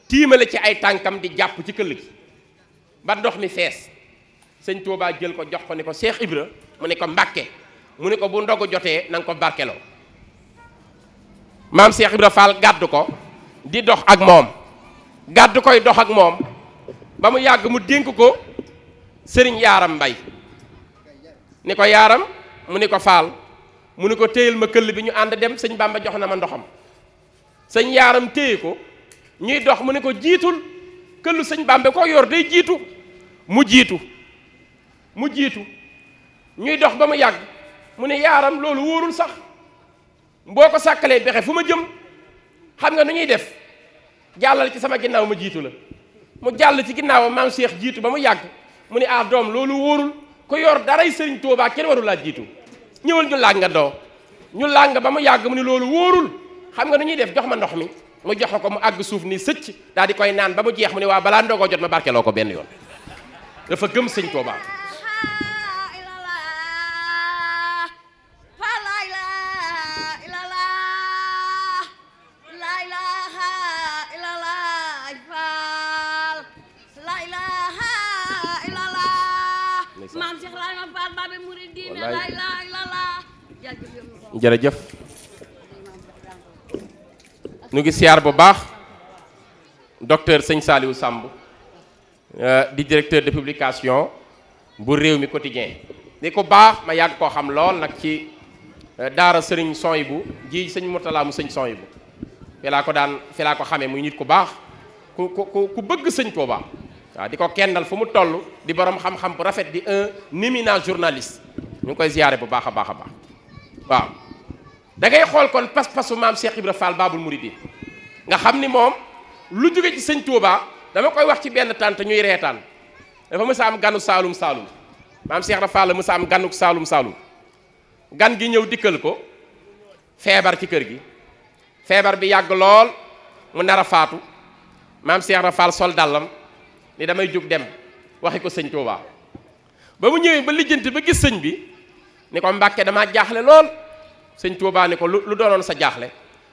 tiimale ci ay tànkam di jàpp ci këll gi ba ndox mi fees sëñ Touba jël ko jox ko ne ko Cheikh Ibra mu ne ko Mbàkke mu ne ko bu ndogu jotee na nga ko barkeloo maam Cheikh Ibra Fall gàddu ko di dox ak moom gàddu koy dox ak moom ba mu yàgg mu dénk ko sëriñ Yaaram Mbay ni ko yaaram mu ni ko faal mu ni ko téyel ma këll bi ñu ànd dem sañ sëñ ba jox na ma ndoxam sëñ yaaram téye ko ñuy dox mu ni ko jiitul këllu sëñ bàmba ko yor day jiitu mu jiitu mu jiitu ñuy dox ba mu yàgg mu ne yaaram loolu wóorul sax boo ko sàkkalee bexe fu ma jëm xam nga nu ñuy def jàllal ci sama ginnaaw ma jiitu la mu jàll ci ginnaawam maam Cheikh jiitu ba mu yàgg mu ne ah doom loolu wóorul ku yor daray sëriñ Tuubaa kenn waru laa jiitu ñëwal ñu nga doo ñu làng ba mu yàgg mu ni loolu wóorul xam nga nu ñuy def jox ma ndox mi mu jox ko mu àgg suuf ni sëcc daal di koy naan ba mu jeex mu ne waa balaa ndogoo jot ma barkeloo ko benn yoon dafa gëm sëñ Tuubaa jërëjëf ñu ngi siyaar bu baax docteur sëñ Saliou Samb euh, di directeur de publication bu réew mi quotidien di ko baax ma yàgg koo xam lool nag ci euh, daara sëriñ bu jii sëñ Murtala mu sëñ Soyibu fi laa ko daan fi laa ko xamee muy nit ku baax ku ku ku bëgg sëñ Tuuba waaw di ko kennal fu mu toll di borom xam-xam bu rafet di un éminent journaliste ñu koy ziyaare bu baax a baax a baax waaw dangay xool kon pas-pasu maam Cheikh Ibra Fall Baabul Muridiin nga xam ni moom lu jóge ci sëñ Touba dama koy wax ci benn tànt ñuy reetaan dafa mësa am ganu saalum saalum maam Cheikh Ibra Fall la mësa am ganuk saalum saalum gan gi ñëw dikkal ko feebar ci kër gi feebar bi yàgg lool mu nar faatu maam Cheikh Ibra Fall sol dàllam ni damay jóg dem waxi ko sëñ Touba ba mu ñëwee ba lijjanti ba gis sëñ bi ni ko mbàkke damaa jaaxle lool sëñ Tuubaa ko lu lu doonoon sa jaaxle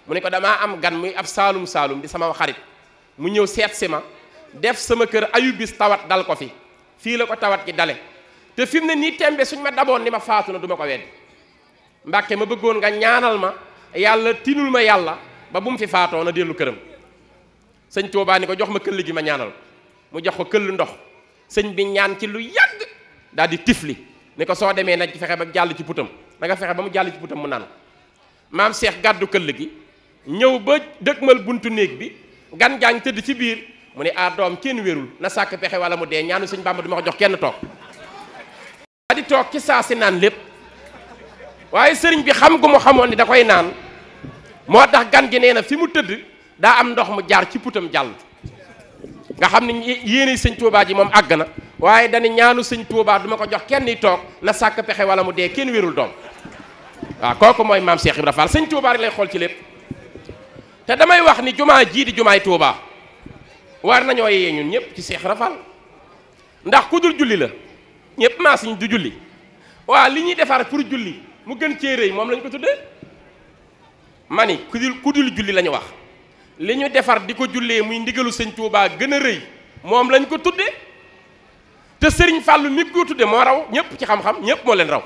mu ne ko damaa am gan muy ab saalum saalum di sama xarit mu ñëw seet si ma def sama kër ayubis tawat dal ko fi fii la ko tawat gi dale te fi mu ne nii tembe suñ ma daboon ni ma faatu na du ma ko weddi mbàkke ma bëggoon nga ñaanal ma yàlla tinul ma yàlla ba bu mu fi faatoo na dellu këram sëñ Tuubaa ko jox ma këll gi ma ñaanal mu jox ko këll ndox sëñ bi ñaan ci lu yàgg daal di tifli ne ko soo demee nag fexe ba jàll ci putam da fexe ba mu jàll ci putam mu naan maam Cheikh gàddu këll gi ñëw ba dëgmal buntu néeg bi gan jàng tëdd ci biir mu ne ah doom kenn wérul na sàkk pexe wala mu dee ñaanu sëñ Bàmba du ma ko jox kenn toog. di toog ci saa si naan lépp waaye sëriñ bi xam gu mu xamoon ni da koy naan moo tax gan gi nee na fi mu tëdd daa am ndox mu jaar ci putam jàll. nga xam ne yéene sëñ Touba ji moom àgg na waaye dañu ñaanu sëñ Touba duma ko jox kenn i toog na sàkk pexe wala mu dee kenn wérul doom waaw kooku mooy maam Cheikh rafal sëñ Touba rek lay xool ci lépp te damay wax ni jumaa jii di jumaay Touba war nañoo yee ñun ñëpp ci seex Ibra ndax ku dul julli la ñëpp maas ñu du julli waa li ñuy defar pour julli mu gën céere yi moom lañ ko tuddee ma ni ku dul julli la ñu wax. li ñu defar di ko jullee muy ndigalu sëñ Touba gën a rëy moom lañ ko tudde te sëriñ Fàllu mi koo tudde moo raw ñëpp ci xam-xam ñëpp moo leen raw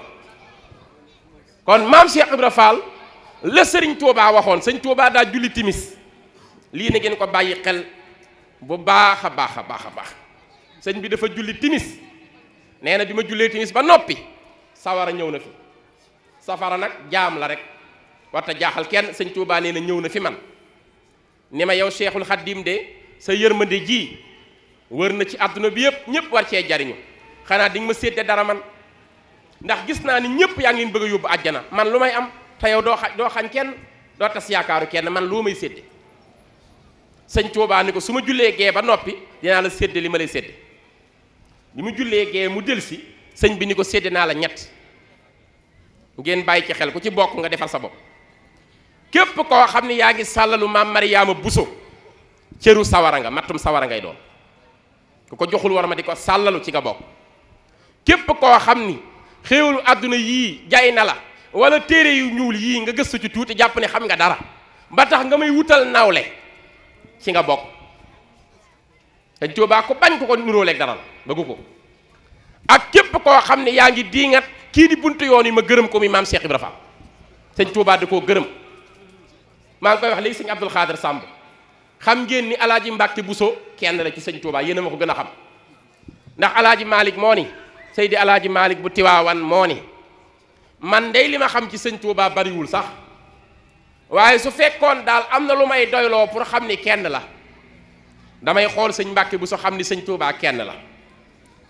kon maam Cheikh Ibra Fall la sëriñ Touba waxoon sëñ Touba daa julli timis lii na ngeen ko bàyyi xel bu baax a baax a baax a baax sëñ bi dafa julli timis nee na bi ma jullee timis ba noppi sawar a ñëw na fi safara nag jaam la rek warta jaaxal kenn sëñ Touba nee na ñëw na fi man ni ma yow cheikhul xaddim de sa yërmande ji wër na ci àdduna bi yëpp ñëpp war cee jariñu xanaa di ma séddee dara man ndax gis naa ni ñëpp yaa ngi leen bëgg a yóbbu àjjana man lu may am te yow doo xa doo xañ kenn doo tas yaakaaru kenn man loo may sédde sëñ Tuubaa ni ko su ma jullee gee ba noppi dinaa la sédde li ma lay sédde bi mu jullee gee mu delsi sëñ bi ni ko sedd naa la ñett ngeen bàyyi ci xel ku ci bokk nga defar sa bopp képp koo xam ne yaa ngi sàllalu maam Mariyaama Buso cëru sawara nga mattum sawara ngay doon ku ko joxul war ma di ko sàllalu ci nga bokk képp koo xam ni xéewalu àdduna yii jay na la wala téere yu ñuul yii nga gëstu ci tuuti jàpp ne xam nga dara ba tax nga may wutal nawle ci nga bokk dañ coobaa ko bañ ko ko nuróoleeg dara la bëggu ko ak képp koo xam ne yaa ngi diingat kii di bunt yoon yi ma gërëm ko mi maam Cheikh Ibra Fall sëñ Tuubaa di koo gërëm maa ngi koy wax léegi sëñ Abdul Xaadir Sàmb xam ngeen ni alaaji bu Buso kenn la ci sëñ Tuubaa yéen ma ko gën a xam ndax alaaji Malik moo ni Seydi alaaji maalik bu Tiwaawan moo ni man day li ma xam ci sëñ Tuubaa bariwul sax waaye su fekkoon daal am na lu may doyloo pour xam ni kenn la damay xool sëñ bu Buso xam ni sëñ Tuubaa kenn la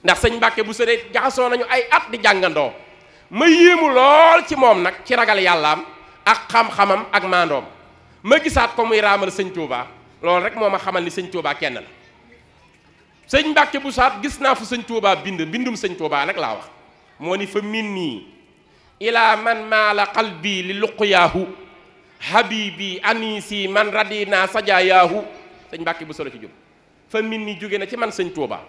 ndax sëñ Mbàkke Buso de jaxasoo nañu ay at di jàngandoo ma yéemu lool ci moom nag ci ragal yàllaam ak xam ak maandoom ma gisaat ko muy raamal sëñ Touba loolu rek moo ma xamal ni sëñ Touba kenn la sëñ Mbàkke bu saat gis naa fu sëñ Touba bind bindum sëñ Touba rek laa wax moo ni fa min nii ilaa man maala qalbi li luqyaahu habibi anisi man radina sajaayaahu sëñ Mbàkke bu solo ci jub fa min nii jóge na ci man sëñ Touba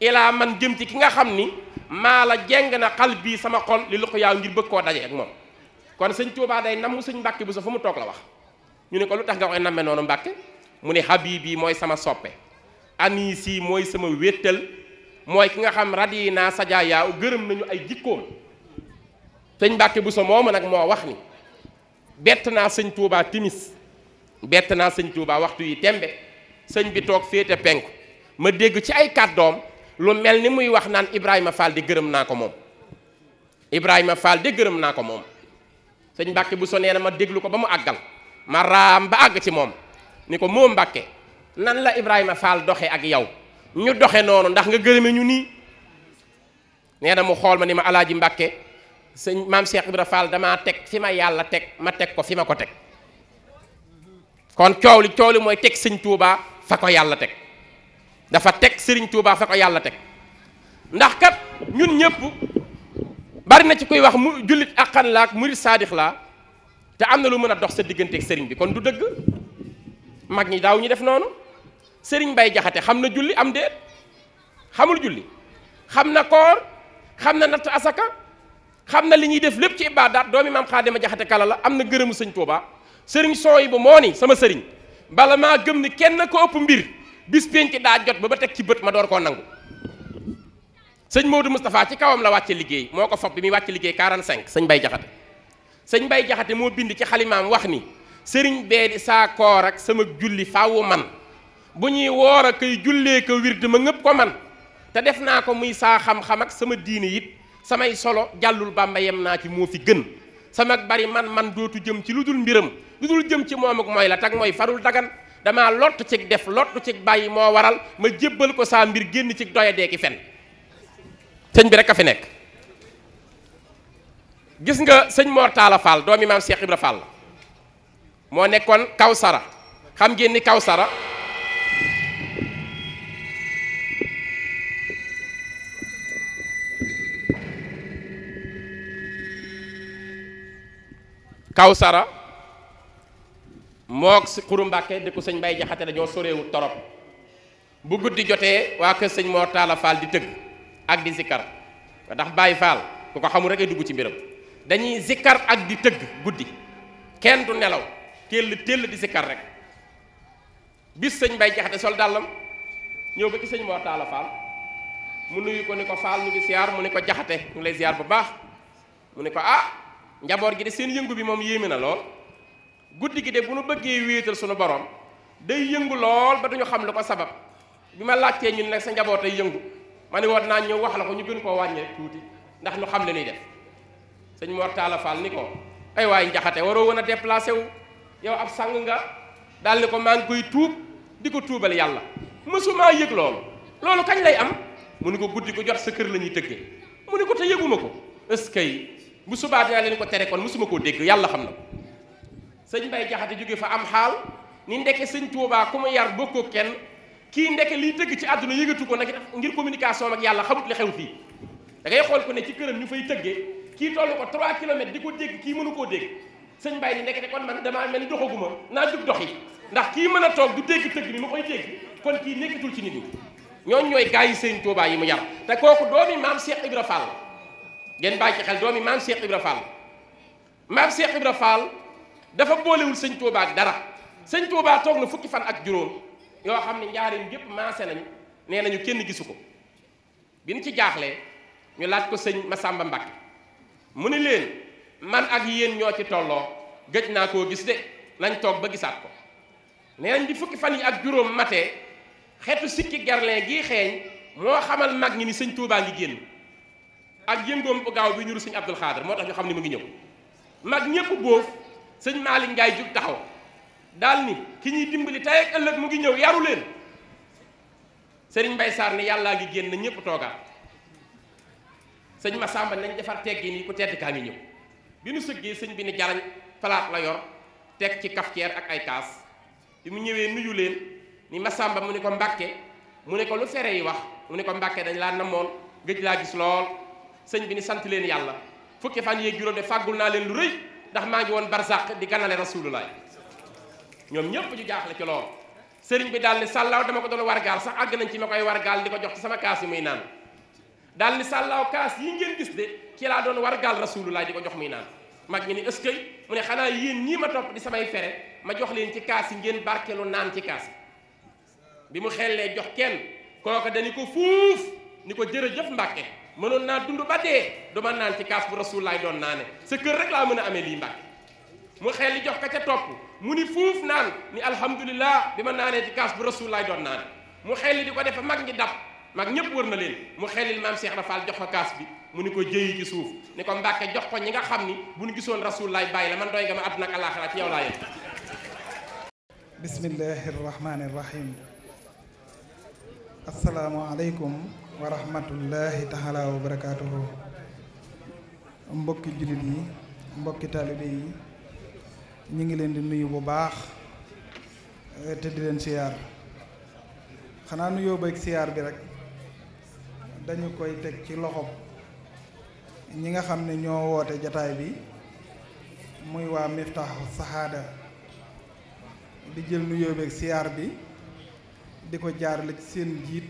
ilaa man jëm ci ki nga xam ni maala jeng na qalbi sama xol li luqyaahu ngir bëgg koo daje ak moom kon sëñ Touba day namm sëñ Mbàkke bu sa fu mu toog la wax ñu ne ko lu tax nga koy namme noonu mbàkke mu ne habib yi mooy sama soppe anis yi mooy sama wéttal mooy ki nga xam radi naa sajaa yaaw gërëm nañu ay jikkoom sëñ mbàkke bu sa mooma nag moo wax ni bett naa sëñ tuubaa timis bett naa sëñ tuubaa waxtu yi tembe sëñ bi toog féete penku ma dégg ci ay kàddoom lu mel ni muy wax naan ibrahima fall di gërëm naa ko moom ibrahima fall di gërëm naa ko moom sëñ mbàkke bu so nee na ma déglu ko ba mu àggal ma raam ba àgg ci moom ni ko moo Mbàkke nan la Ibrahima Fall doxe ak yow ñu doxe noonu ndax nga gërëme ñu nii nee na mu xool ma ni ma alaaji Mbàkke sëñ maam Cheikh Ibra Fall damaa teg fi ma yàlla teg ma teg ko fi ma ko teg kon coow li coow li mooy teg sëñ Touba fa ko yàlla teg dafa teg sëriñ tuubaa fa ko yàlla teg ndax kat ñun ñëpp bari na ci kuy wax mu jullit akkan la ak murit saadix la te am na lu mën a dox sa digganteeg sëriñ bi kon du dëgg mag ñi daaw ñu def noonu sëriñ bay jaxate xam na julli am déet xamul julli xam na koor xam na natt asaka xam na li ñuy def lépp ci ibaadaat doomi maam xaadima jaxate kala la am na gërëmu sëñ Tuuba sëriñ son yi ba moo ni sama sëriñ bala maa gëm ni kenn ko ëpp mbir bis penc daa jot ba ba teg ci bët ma door koo nangu sëñ Maodo Moustapha ci kawam la wàcce liggéey moo ko fob bi muy wàcce liggéey 45 Bay Jaxate sëñ Mbay Jaxate moo bind ci xalimaam wax ni sëriñ bee di saa koor ak sama julli faawu man bu ñuy woor a koy jullee ko wird ma ngëpp ko man te def naa ko muy saa xam-xam ak sama diine it samay solo jàllul Bàmba yem naa ci moo fi gën sama bari man man dootu jëm ci lu dul mbiram lu dul jëm ci moom ak mooy la tag mooy farul dagan damaa lott cig def lott cig bàyyi moo waral ma jébbal ko saa mbir génn ci doya dee ki fen sëñ bi rek a fi nekk gis nga sëñ Mor Talla Fall doomi maam Cheikh Ibra Fall moo nekkoon Kawsara xam ngeen ni Kawsara Kawsara mook si Xuru Mbàkke di ko sëñ Mbay Jaxate dañoo soreewul torop bu guddi jotee waa kër sëñ Mor Talla di tëgg ak di sikkar ndax bàyyi Fall ku ko xamul rek dugg ci mbiram dañuy zikkar ak di tëgg guddi kenn du nelaw téll téll di zikkar rek bis sëñ Mbay Jaxate sol dàllam ñëw ba ci sëñ Mor Talla mu nuyu ko ni ko Fall ñu ngi ziar mu ni ko Jaxate ñu lay ziar bu baax mu ni ko ah njaboot gi de seen yëngu bi moom yéeme na lool guddi gi de bu nu bëggee wéetal suñu borom day yëngu lool ba duñu xam lu ko sabab bi ma laajtee ñun nag sa njaboot ay yëngu ma ne woon naa ñëw wax la ko ñu gën koo wàññee tuuti ndax ñu xam li ñuy sëñ Mor Talla Fall ni ko ay waay njaxate waroo woon a déplacé wu yow ab sang nga daal ni ko maa ngi koy tuub di ko tuubal yàlla mësumaa yëg loolu loolu kañ lay am mu ni ko guddi ko jot sa kër la ñuy tëggee mu ni ko te yëguma ko est-ce que bu subaa dinaa leen ko tere kon mësuma koo dégg yàlla xam na ko sëñ Bay Jaxate jóge fa am xaal ni ndeke sëñ Tuubaa ku mu yar bokkoo kenn kii ndeke liy tëgg ci àdduna yëgatu ko nag ngir communication ak yàlla xamut li xew fii da xool ko ne ci këram ñu fay tëggee kii toll ko 3 kilomètres di ko dégg kii mënu koo dégg sëñ Baye ni nekkete kon man damaa mel ni doxaguma naa jug dox yi ndax kii mën a toog du dégg tëgg bi ma koy dégg kon kii nekkatul ci nit ñi ñooñ ñooy gaa yi sëñ Touba yi mu yar te kooku doomi maam Cheikh Ibra Fall ngeen bàyyi ci xel doomi maam Cheikh Ibra Fall maam Cheikh Ibra Fall dafa boolewul sëñ Touba ak dara sëñ Touba toog na fukki fan ak juróom yoo xam ne njaarim yépp maase nañu nee nañu kenn gisu ko bi ci jaaxlee ñu laaj ko sëñ Massamba Mbacke mu ni leen man ak yéen ñoo ci tolloo gëj naa koo gis de nañ toog ba gisaat ko nee nañ bi fukki fan yi ak juróom matee xetu sikki gerlin gii xeeñ moo xamal mag ñi ni sëñ Tuubaa ngi génn ak yëngoom bu gaaw bi ñuru sëñ Abdul Xaadir moo tax ñu xam ne mu ngi ñëw mag ñëpp boof sëñ Maalik Njaay jug taxaw daal ni ki ñuy dimbali tey ëllëg mu ngi ñëw yaru leen sëriñ Mbay Sarr ni yàllaa ngi génn na ñëpp toogaat sëñ ma sàmba nañ defar teggi nii ku tedd kaa ngi ñëw bi nu sëggee sëñ bi ni jalañ palaat la yor teg ci cafetière ak ay kaas bi mu ñëwee nuyu leen ni masamba mu ne ko mbàkke mu ne ko lu fere yi wax mu ne ko mbàkke dañ laa namoon gëj laa gis lool sëñ bi ni sant leen yàlla fukki fan yee juróom de fàggul naa leen lu rëy ndax maa ngi woon barzaq di ganale rasulullah ñoom ñëpp ñu jaaxle ci lool sëriñ bi daal ne sàllaaw dama ko doon wargaal sax àgg nañ ci ma koy wargaal di ko jox sama kaas yi muy naan daal ni sàllaaw kaas yi ngeen gis de ci laa doon wargaal rasulullah di ko jox muy naan mag ñi ne est-ce que mu ne xanaa yéen ñii ma topp di samay fere ma jox leen ci kaas yi ngeen barkeelu naan ci kaas bi mu xellee jox kenn kooka dañu ko fuuf ni ko jërëjëf mbàkke mënoon naa dund ba dee duma naan ci kaas bu rasulullah doon naane sa kër rek laa amee lii mbàkke mu xel li jox ka ca topp mu ni fuuf naan ni alhamdulillah bi ma naanee ci kaas bu rasulullah doon naane mu xel li di ko defe mag ñi dab mag ñépp wër na leen mu xelil maam Cheikh Ibra jox ko kaas bi mu ni ko jëyi ci suuf ni ko mbàkke jox ko ñi nga xam ni bu ñu gisoon rasulullaay bàyyi la man doy nga ma àdduna ak àllaaxira ci yow laa yem bismillahi rahmaani rahim asalaamualeykum wa rahmatullahi taala wa barakaatuhu mbokki jullit yi mbokki taalibe yi ñu ngi leen di nuyu bu baax eh, te di leen siyaar xanaa nuyoo beeg siyaar bi rek dañu koy teg ci loxob ñi nga xam ne ñoo woote jataay bi muy waa Miftaahu Sahaada di jël nu yóbbeeg siyaar bi di ko jaarale ci seen jiit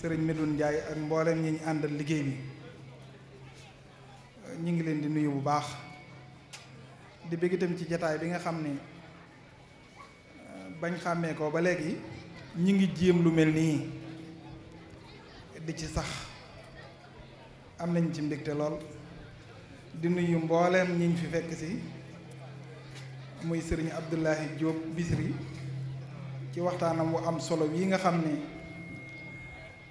sëriñ Medoune njaay ak mboolem ñi ñu àndal liggéey bi ñu ngi leen di nuyu bu baax di bëgg itam ci jataay bi nga xam ni bañ xàmmee ko ba léegi ñu ngi jéem lu mel nii di ci sax am nañ ci mbégte lool di nuyu mbooleem ñiñ fi fekk si muy sëriñ Abdoulahi Diop Bisri ci waxtaanam wu am solo yi nga xam ni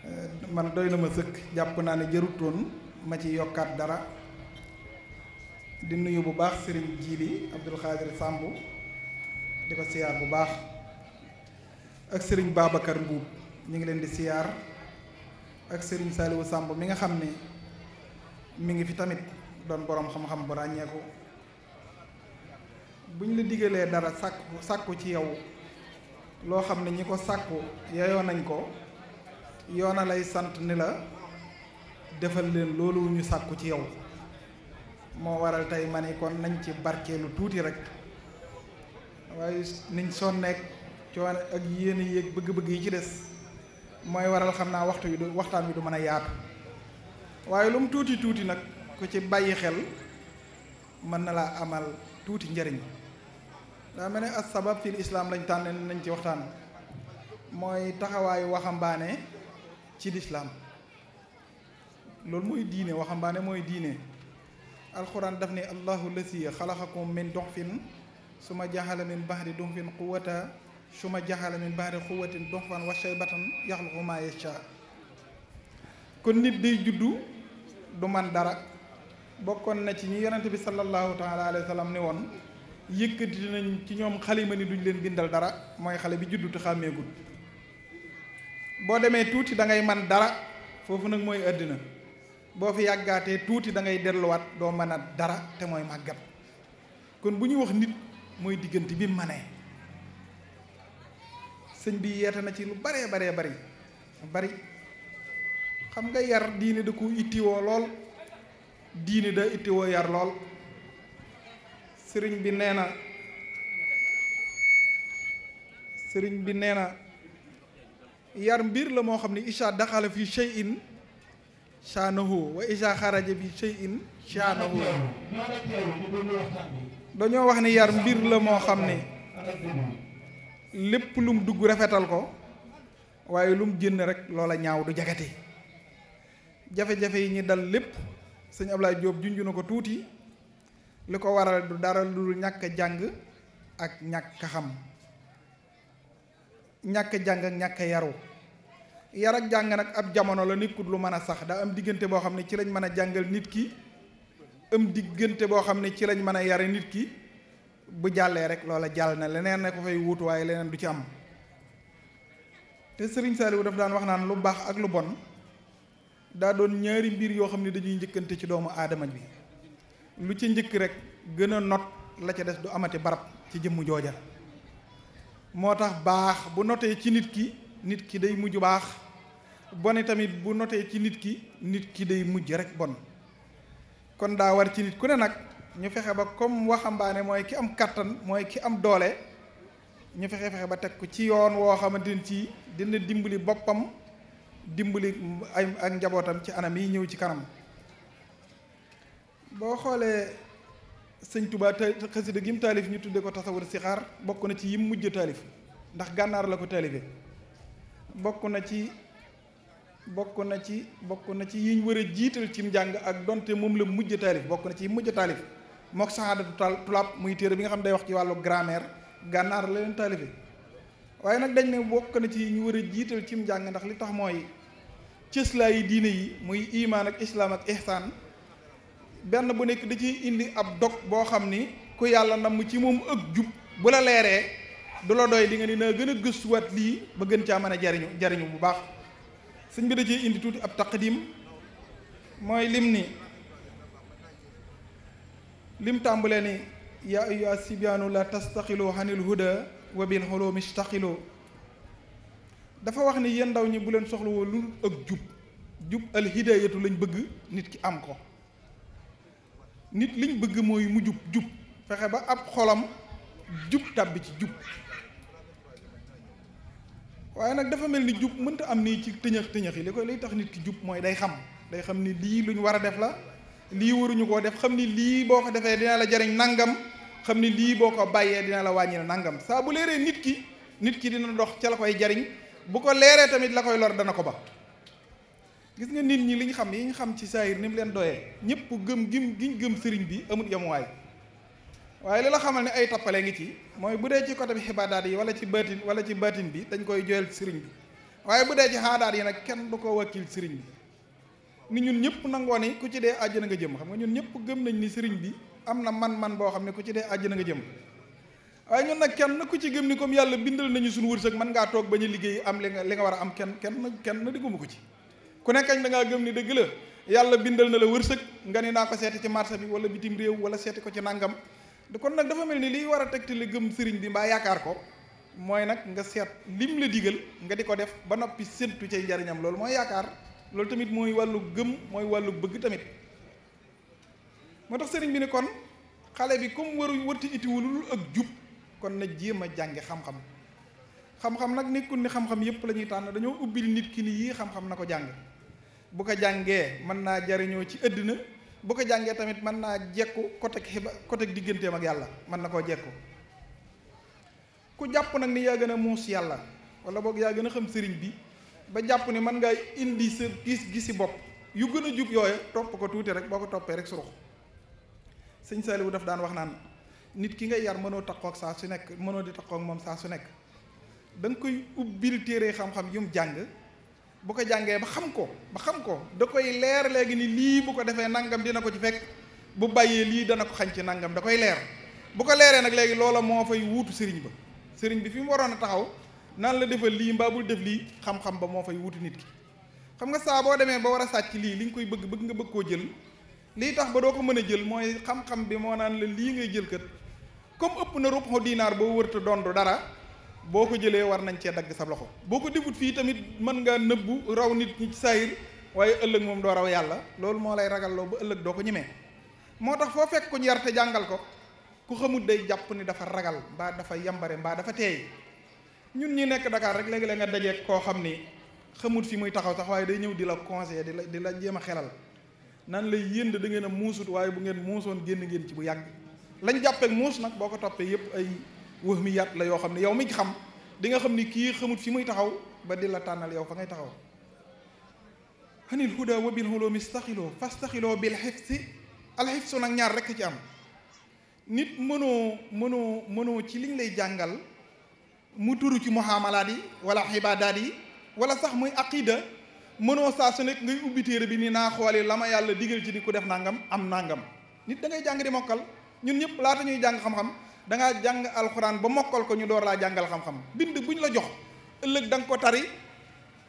eh, man doy na ma sëkk jàpp naa ne jërutoon ma ci yokkaat dara di nuyu bu baax sëriñ Jiili Abdul Xaadir Sàmb di ko siyaar bu baax ak sëriñ Babacar Mbuub ñu ngi leen di siyaar ak Serigne Saliou Samb mi nga xam ni mi ngi fi tamit doon boroom xam-xam bu ràññeeku buñ la digalee dara sàkk sàkku ci yow loo xam ne ñi ko sàkku yeyoo nañ ko yoona lay sant ni la defal leen loolu ñu sàkku ci yow moo waral tey ma ne kon nañ ci barkeelu tuuti rek waaye niñ sonneek coono ak yéen yéeg bëgg-bëgg yi ci des mooy waral xam naa waxtu yi du waxtaan wi du mën a yaatu waaye lu tuuti tuuti nag ku ci bàyyi xel mën na laa amal tuuti njariñ daa mel ne as sabab fil islaam lañ ci waxtaan mooy taxawaayu waxambaane ci lislaam loolu mooy diine waxambaane mooy diine alxuraan daf ne allahu lasi xalaxakum min doxfin su ma jaxala min baxdi doxfin quwata su ma jaxale min baari xuwatin doxfan wa shaybatan yaxluqu maa yashaa kon nit day juddu du man dara bokkoon na ci ñi yonente bi sallallahu taala alayhi wa sallam woon yëkkati nañ ci ñoom xalima ni duñ leen bindal dara mooy xale bi juddu te boo demee tuuti dangay man dara foofu nag mooy àddina boo fi yàggaatee tuuti da ngay delluwaat doo mën a dara te mooy màggat kon bu ñuy wax nit mooy diggante bi mane sëñ bi yeete na ci lu baree baree bari bari xam nga yar diine da ko ittiwoo lool diini da ittiwoo yar lool sëriñ bi nee na sëriñ bi nee na yar mbir la moo xam ne isa daxala fi shay'in shaanahu wa isa xaraja bi shay'in shaanahu dañoo wax ne yar mbir la moo xam ne lépp lu dugg rafetal ko waaye lu mu génn rek loola ñaaw du jagati jafe-jafe yi ñu dal lépp sëñ Ablaye Diop junj na ko tuuti li ko waral du dara lu ñàkk jàng ak ñàkk xam ñàkk jàng ak ñàkk yaru yar ak jàng nag ab jamono la nekkut lu mën a sax daa am diggante boo xam ne ci lañ mën a jàngal nit ki am diggante boo xam ne ci lañ mën a yare nit ki bu jàllee rek loola jàll na leneen ne ko fay wuutu waaye leneen du ci am te sëriñ Saliou daf daan wax naan lu baax ak lu bon daa doon ñaari mbir yoo xam ne dañuy njëkkante ci doomu aadama bi lu ci njëkk rek gën a not la ca des du amati barab ci jëmm jooja moo tax baax bu notee ci nit ki nit ki day mujj baax bone tamit bu notee ci nit ki nit ki day mujj rek bon kon daa war ci nit ku ne nag ñu fexe ba comme waxambaane mooy ki am kàttan mooy ki am doole ñu fexe fexe ba teg ko ci yoon woo xamante ni ci dina dimbali boppam dimbali ay ak njabootam ci anam yi ñëw ci kanam boo xoolee sëñ Touba ta xasida gi mu taalif ñu tudde ko si xaar bokk na ci yi mu mujj taalif ndax gànnaar la ko taalife bokk na ci bokk na ci bokk na ci yiñ war a jiital cim njàng ak donte moom la mujj taalif bokk na ci yim mujj taalif mook saxaadatu tulaab muy téere bi nga xam day wax ci wàllu grammaire gànnaar la leen taalife waaye nag dañ ne bokk na ci ñu war a jiital cim jàng ndax li tax mooy cëslaayi diine yi muy imaan ak islaam ak ihsaan benn bu nekk da ci indi ab dog boo xam ni ku yàlla mu ci moom ak jub bu la leeree du la doy di nga ni naa gën a gëstuwaat lii ba gën caa mën a jariñu jariñu bu baax sëñ bi da ci indi tuuti ab taqdim mooy lim ni lim tàmbalee ni yaa ayyuha sibyaanu la tastaxilu anil huda wa bil xulumi istaxilu dafa wax ni yéen ndaw ñi bu leen soxlawoo lu ak jub jub al hidayatu lañ bëgg nit ki am ko nit liñ bëgg mooy mu jub jub fexe ba ab xolam jub tàbbi ci jub waaye nag dafa mel ni jub mënta am nii ci tëñëx tëñëx yi li koy lay tax nit ki jub mooy day xam day xam ni lii luñ war a def la lii waruñu koo def xam ni lii boo ko defee dinaa la jariñ nangam xam ni lii boo ko bàyyee dina la wàññil nangam saa bu leeree nit ki nit ki dina dox ca la koy jariñ bu ko leeree tamit la koy lor dana ko ba gis nga nit ñi li xam yi ñu xam ci saayir ni mu leen doyee ñëpp gëm gim giñ gëm sëriñ bi amut yamuwaay waaye li la xamal ne ay tappale ngi ci mooy bu dee ci côté bi xibaadaat yi wala ci baatin wala ci baatin bi dañ koy joyal sëriñ bi waaye bu dee ci xaadaat yi nag kenn du ko wakkil sëriñ bi ni ñun ñëpp nangoo ni ku ci dee na nga jëm xam nga ñun ñëpp gëm nañ ni sëriñ bi am na man-man boo xam ne ku ci dee àjjana nga jëm waaye ñun nag kenn ku ci gëm ni comme yàlla bindal nañu suñu wërsëg mën ngaa toog bañ a liggéey am li nga nga war a am kenn kenn kenn digguma ko ci ku nekkañ dangaa gëm ni dëgg la yàlla bindal na la wërsëg nga ni naa ko seeti ci marché bi wala bitim réew wala seeti ko ci nangam kon nag dafa mel ni liy war a teg tegtali gëm sëriñ bi mbaa yaakaar ko mooy nag nga seet lim la digal nga di ko def ba noppi séntu cay njariñam loolu mooy yaakaar loolu tamit mooy wàllu gëm mooy wàllu bëgg tamit moo tax sëriñ bi ne kon xale bi comme waru warti itiwulul ak jub kon na jéem a jànge xam-xam xam-xam nag nekkul ni xam-xam yépp la tànn dañoo ubbil nit ki ni yii xam-xam na ko jàng bu ko jàngee mën naa jariñoo ci àddina bu ko jàngee tamit mën naa jekku côté xiba côté digganteem ak yàlla mën na koo jekku ku jàpp nag ni yaa gën a muus yàlla wala boog yaa gën a xam sëriñ bi ba jàpp ne mën ngaa indi sa gis-gisi bopp yu gën a jub yooyu topp ko tuuti rek boo ko toppee rek surux sëñ Saliou daf daan wax naan nit ki ngay yar mënoo takkoo ak saa su nekk mënoo di takkoo ak moom saa su nekk da nga koy ubbil téere xam-xam yu mu jàng bu ko jàngee ba xam ko ba xam ko da koy leer léegi ni lii bu ko defee nangam dina ko ci fekk bu bàyyee lii dana ko xañ ci nangam da koy leer bu ko leeree nag léegi loola moo fay wuutu sëriñ ba sëriñ bi fi waroon a taxaw naan la defal lii mbaa bul def lii xam-xam ba moo fay wuti nit xam nga saa boo demee ba war a sàcc lii li nga koy bëgg bëgg nga bëgg koo jël lii tax ba doo ko mën a jël mooy xam-xam bi moo naan la lii ngay jël kat comme ëpp na ruqxu dinaar boo wërta dondu dara boo ko jëlee war nañ cee dagg sa loxo boo ko defut fii tamit mën nga nëbbu raw nit ñi ci saayir waaye ëllëg moom doo raw yàlla loolu moo lay ragalloo ba ëllëg doo ko ñemee moo tax foo fekk ko ñu yar jàngal ko ku xamut day jàpp ni dafa ragal mbaa dafa yambare mbaa dafa teey ñun ñi nekk Dakar rek léegi leen nga dajee koo xam ni xamut fi muy taxaw sax waaye day ñëw di la conseiller di la di la jéem a xelal nan lay yënd da ngeen a muusut waaye bu ngeen muusoon génn ngeen ci bu yàgg lañ jàppeek muus nag boo ko toppee yëpp ay wëx mi yàtt la yoo xam ne yow mi xam di nga xam ni kii xamut fi muy taxaw ba di la tànnal yow fa ngay taxaw xanil huda wa bil hulumi staxiloo fastaxiloo bil xifsi alxifsu nag ñaar rekk ci am nit mënoo mënoo mënoo ci liñ lay jàngal mu turu ci muhaamalaat yi wala xibaadaat yi wala sax muy aqida mënoo saa su nekk ngay ubbi téere bi ni naa xooli la ma yàlla digal ci ni ku def nangam am nangam nit da ngay jàng di mokkal ñun ñëpp laata ñuy jàng xam-xam da jàng alxuraan ba mokkal ko ñu door laa jàngal xam-xam bind bu ñu la jox ëllëg da nga ko tari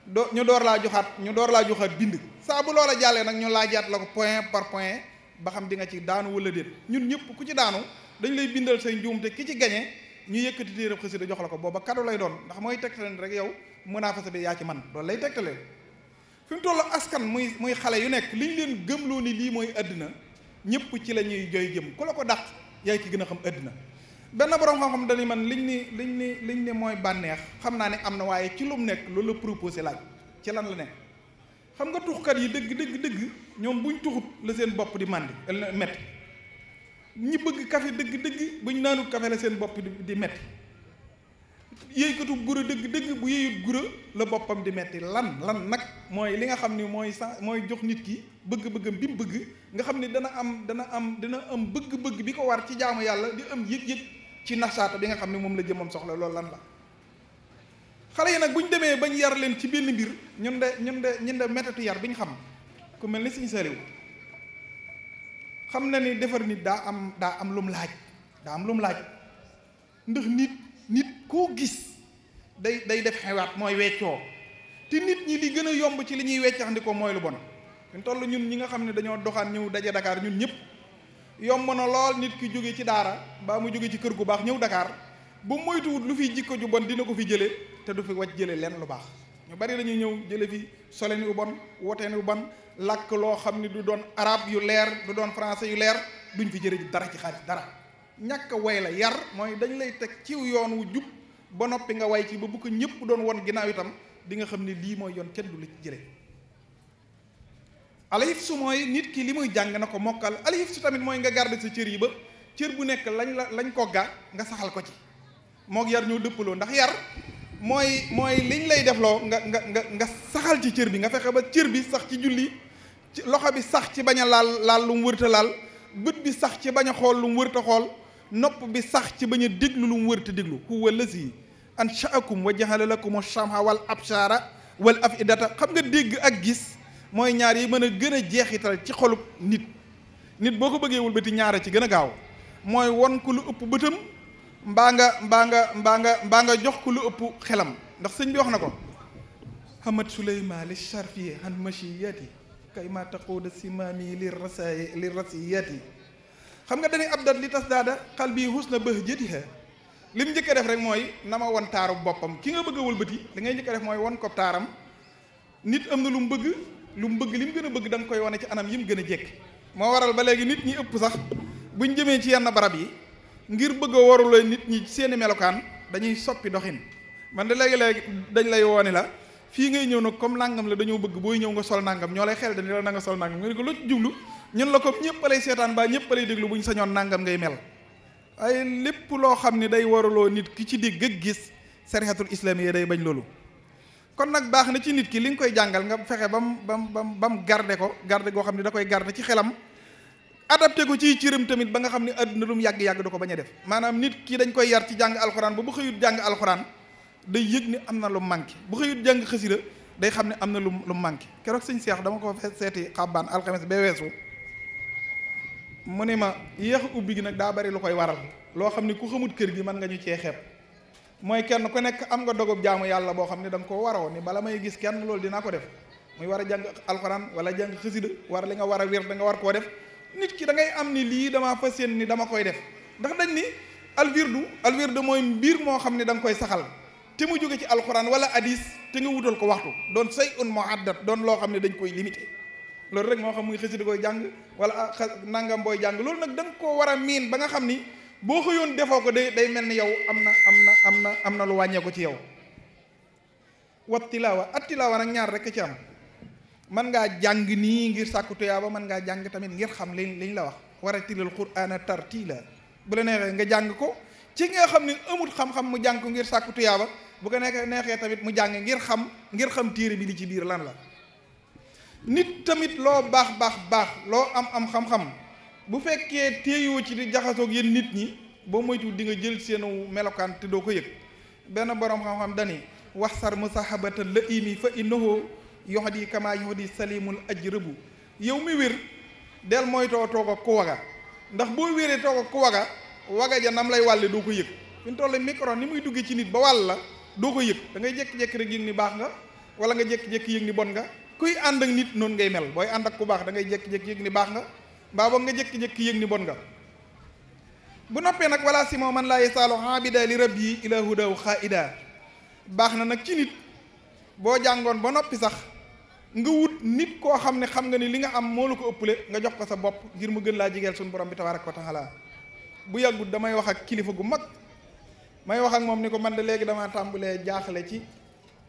do ñu door laa joxaat ñu door laa joxaat bind saa loola jàllee nag ñu jaat la ko point par point ba xam di nga ci daanu wala déet ñun ñëpp ku ci daanu dañ lay bindal say njuumte ki ci gañe ñu yëkkati téereb xasida jox la ko booba kado lay doon ndax mooy tegtale rek yow munaafasa bi yaa ci man loolu lay tegtale fi mu toll askan muy muy xale yu nekk li ñu leen gëmloo ni lii mooy àddina ñëpp ci la ñuy joy jëm ku la ko dàq yaa ki gën a xam àddina benn borom xam-xam dañuy man liñ ni liñ ni liñ ni mooy bànneex xam naa ne am na waaye ci lu mu nekk loolu la proposé laaj ci lan la nekk xam nga tuxkat yi dëgg dëgg dëgg ñoom buñ tuxut la seen bopp di màndi metti ñi bëgg café dëgg-dëgg bu ñu naanu café la seen bopp di metti yéykatu gura dëgg-dëgg bu yéyut gura la boppam di metti lan lan nag mooy li nga xam ni mooy sa mooy jox nit ki bëgg-bëggam bi mu bëgg nga xam ni dana am dana am dana am bëgg-bëgg bi ko war ci jaamu yàlla di am yëg-yëg ci nasaata bi nga xam ne moom la jëmam soxla loolu lan la xale yi nag bu ñu demee bañ yar leen ci benn mbir ñun de ñun de ñun de métatu bi ñu xam ku mel ni Sëriñ Saliou xam na ni defar nit daa am daa am lum laaj daa am lum laaj ndax nit nit koo gis day day def xewaat mooy weccoo te nit ñi li gën a yomb ci li ñuy weccax ndi mooy lu bon ñu toll ñun ñi nga xam ne dañoo doxaan ñëw daje Dakar ñun ñëpp yomb na lool nit ki jóge ci daara baa mu jóge ci kër gu baax ñëw dakaar bu moytuwut lu fi jikko ju bon dina ko fi jële te du fi wacc jële leen lu baax ñu bari dañuy ñëw jële fi solen wu bon woteen wu bon làkk loo xam ni du doon arab yu leer du doon français yu leer duñ fi jëriñ dara ci xaalis dara ñàkk a way la yar mooy dañ lay teg ci yoon wu jub ba noppi nga way ci ba bu ko ñëpp doon won ginnaaw itam dinga xam ni lii mooy yoon kenn du la ci jëlee alxifsu mooy nit ki li muy jàng na ko mokkal alxifsu tamit mooy nga garder sa cër yi ba cër bu nekk lañ la lañ ko ga nga saxal ko ci moog yar ñoo dëppaloo ndax yar mooy mooy liñ lay defloo nga nga nga nga saxal ci cër bi nga fexe ba cër bi sax ci julli ci loxo bi sax ci bañ a laal laal lu wërta laal bët bi sax ci bañ a xool lu mu wërta xool nopp bi sax ci bañ a déglu lu mu wërta déglu huwa lazi anshaakum wa jahala lakum ash-sham'a wal absara wal afidata xam nga dégg ak gis mooy ñaar yi mën a gën a jeexital ci xolub nit nit boo ko bëggee wëlbati ñaara ci gën a gaaw mooy won ku lu ëpp bëtam mbaa nga mbaa nga mbaa nga mbaa nga jox ku lu ëpp xelam ndax sëñ bi wax na ko hamad suleyman li sharfi han machiyati kay kayma taquuda simaami li rasay li yi xam nga dañuy abdat li tas daada xal bii xus na bëx jëtiha lim njëkk a def rek mooy na ma won taaru boppam ki nga bëgg a wëlbati li ngay njëkk def mooy won ko nit am na lu mu bëgg lu mu bëgg li mu gën a bëgg da koy wane ci anam yi mu gën a jekk moo waral ba léegi nit ñi ëpp sax buñ jëmee ci yenn barab yi ngir bëgg a nit ñi seeni melokaan dañuy soppi doxin man de léegi-léegi dañ lay wooni la fii ngay ñëw nag comme nangam la dañoo bëgg booy ñëw nga sol nangam ñoo lay xel dañu la na nga sol nangam nga ne ko loo ci jublu ñun la comme ñëpp lay seetaan ba ñëpp lay déglu sañoon nangam ngay mel ay lépp loo xam ne day waraloo nit ki ci dégg ak gis sarihatul islamiya day bañ loolu kon nag baax na ci nit ki li nga koy jàngal nga fexe ba mu ba mu ba mu garde ko garde goo xam ne da koy garde ci xelam adapté ko ci cëram tamit ba nga xam ne àdduna lu mu yàgg-yàgg da ko bañ a def maanaam nit ki dañ koy yar ci jàng alxuraan ba bu xëyut jàng alxuraan day yëg ni am na lu manqué bu xëyut jàng xasida day xam ne am na lu lu manqué keroog sëñ Seex dama ko seeti xabbaan alxames ba weesu mu ne ma yéex a ubbi gi nag daa bari lu koy waral loo xam ne ku xamut kër gi mën nga ñu cee xeeb mooy kenn ku nekk am nga dogub jaamu yàlla boo xam ne da nga koo waroo ni bala may gis kenn loolu dinaa ko def muy war a jàng alxuraan wala jàng xasida war li nga war a wér da nga war koo def nit ki dangay am ni lii damaa fas yéene ni dama koy def ndax dañ ni alwirdu alwirdu mooy mbir moo xam ne da koy saxal te mu jóge ci alxuraan wala hadis te nga wutal ko waxtu doon say un muaddat doon loo xam ne dañ koy limité loolu rek moo xam muy xasida koy jàng wala ah nangam booy jàng loolu nag da nga koo war a miin ba nga xam ni boo xëyoon defoo ko day day mel ni yow am na am na am na am na lu wàññeeku ci yow wat tilaawa at tilaawa nag ñaar rek ci am mën ngaa jàng nii ngir sàkku tuyaaba mën ngaa jàng tamit ngir xam liñ liñ la wax war a tilal qur'aana tartiila bu la neexee nga jàng ko ci nga xam ni amul xam-xam mu jàng ko ngir sàkku tuyaaba bu ko nekkee neexee tamit mu jàng ngir xam ngir xam téere bi li ci biir lan la nit tamit loo baax baax baax loo am am xam-xam bu fekkee téeyoo ci di jaxasoog yéen nit ñi boo moytu di nga jël seenu melokaan te doo ko yëg benn boroom xam-xam dani wax sar musahabata la yi fa innahu yoxdi kama yoxdi salimul ajrabu yow mi wér del mooy too ku waga ndax boo wéree toog ku waga waga ja nam lay wàlle doo ko yëg fi mu toll micro ni muy duggee ci nit ba wàll la doo ko yëg da ngay jékki rek yëg ni baax nga wala nga jékki-jékki yëg ni bon nga kuy ànd ak nit noonu ngay mel booy ànd ku baax da ngay jékki-jékki yëg ni baax nga mbaa boog nga jékki-jékki yëg ni bon nga bu noppee nag wala si moo man laa yesaalu xaabida li rab yi ila hudaw xaaida baax na nag ci nit boo jàngoon ba noppi sax nga wut nit koo xam ne xam nga ni li nga am moo la ko ëppale nga jox ko sa bopp ngir mu gën laa jigeel suñu borom bi tabaraka wa taala bu yàggut damay wax ak kilifa gu mag may wax ak moom ni ko man de léegi damaa tàmbalee jaaxle ci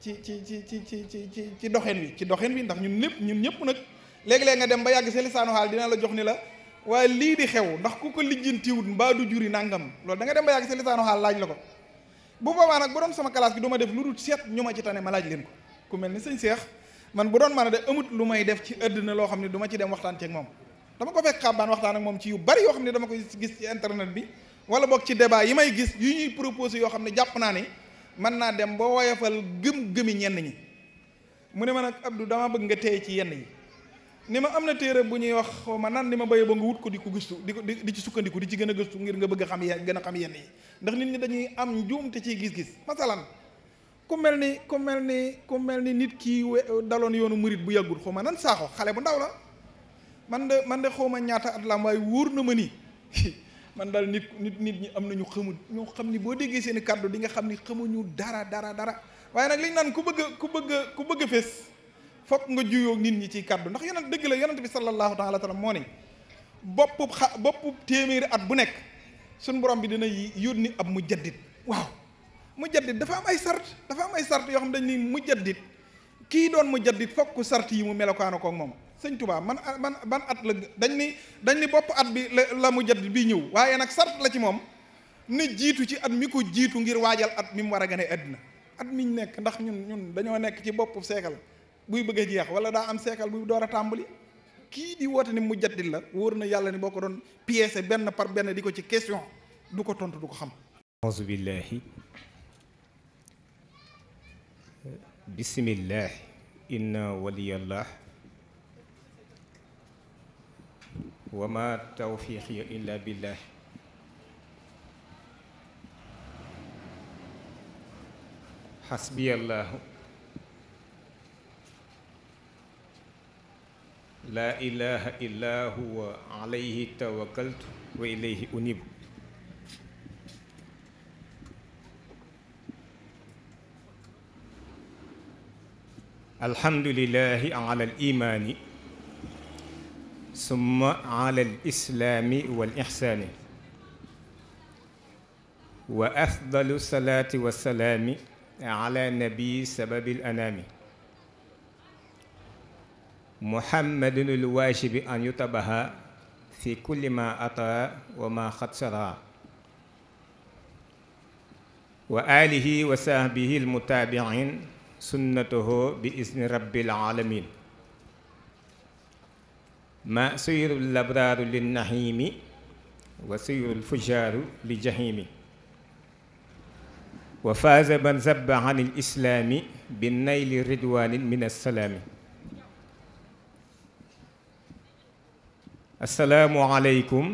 ci ci ci ci ci ci ci doxin wi ci doxin wi ndax ñun lépp ñun ñëpp nag léegi-léeg nga dem ba yàgg sa lisaanu xaal dina la jox ni la waaye lii di xew ndax ku ko lijjantiwut mbaa du juri nangam loolu da nga dem ba yàgg sa lisaanu xaal laaj la ko bu boobaa nag bu doon sama classe gi du def lu dul seet ñu ma ci tane ma laaj leen ko ku mel ni sëñ Seex man bu doon mën a de amut may def ci àddina loo xam ne du ci dem waxtaan moom dama ko fekk xaabaan waxtaan ak moom ci yu bari yoo xam ne dama koy gis ci internet bi wala boog ci débat yi may gis yu ñuy proposé yoo xam ne jàpp naa ne mën naa dem ba woyofal gëm-gëmi ñenn ñi mu ne ma nag Abdou dama bëgg nga téye ci yenn yi ni ma am na téere bu ñuy wax xaw ma nan ni ma béye ba nga wut ko di ko gëstu di ko di ci sukkandiku di ci gën a gëstu ngir nga bëgg a xam gën a xam yenn yi ndax nit ñi dañuy am njuumte ciy gis-gis masalan ku mel ni ku mel ni ku mel ni nit kii daloon yoonu murit bu yàggul xaw ma nan saaxo xale bu ndaw la man de man de xawma ñaata at laam waaye wóor na ma ni man daal nit nit nit ñi am na ñu xamul ñoo xam ni boo déggee seen i kàddu di nga xam ni xamuñu dara dara dara waaye nag li ñu naan ku bëgg ku bëgg ku bëgg fees fokk nga juyoo nit ñi ci kàddu ndax yonent dëgg la yonent bi sallallahu taala taala moo ne boppu xa boppu téeméeri at bu nekk suñ borom bi dina yónni ab mujaddid waaw mujaddid dafa am ay sart dafa am ay sart yoo xam dañ ni mujaddid kii doon mujaddid fokk sart yi mu melokaana koog moom sëñ tubaa man man ban at la dañ ni dañ ni bopp at bi la mu jat bi ñëw waaye nag sart la ci moom ne jiitu ci at mi ko jiitu ngir waajal at mi mu war a gane àddina at ñu nekk ndax ñun ñun dañoo nekk ci boppu seekal buy bëgg jeex wala daa am seekal buy door a tàmbali kii di woote ni mu di la wóor na yàlla ni boo ko doon pièce benn par benn di ko ci question du ko tontu du ko xam auzu billahi bismillah inna waliyallah wa ma tawfiqi illa billah xasbiyallahu laa ilaha illa huwa alayhi tawakkaltu wa ilayhi unibu alhamdulillahi ala al imaani summa ala al islaami wal ixsaani wa afdalu salaati wa salaami ala nabi sababil anaami muhammadun al waajibi an yutabaha fi kulli ma ata wa ma xat sara wa alihi wa sahbihi al mutaabiin sunnatuhu bi izni rabbil alamin ma siyru labraaru li naxiimi wa siyru fujaaru li jaxiimi wa faaza man zabba an il islaami bi nayli ridwaanin min assalaami assalaamu aleykum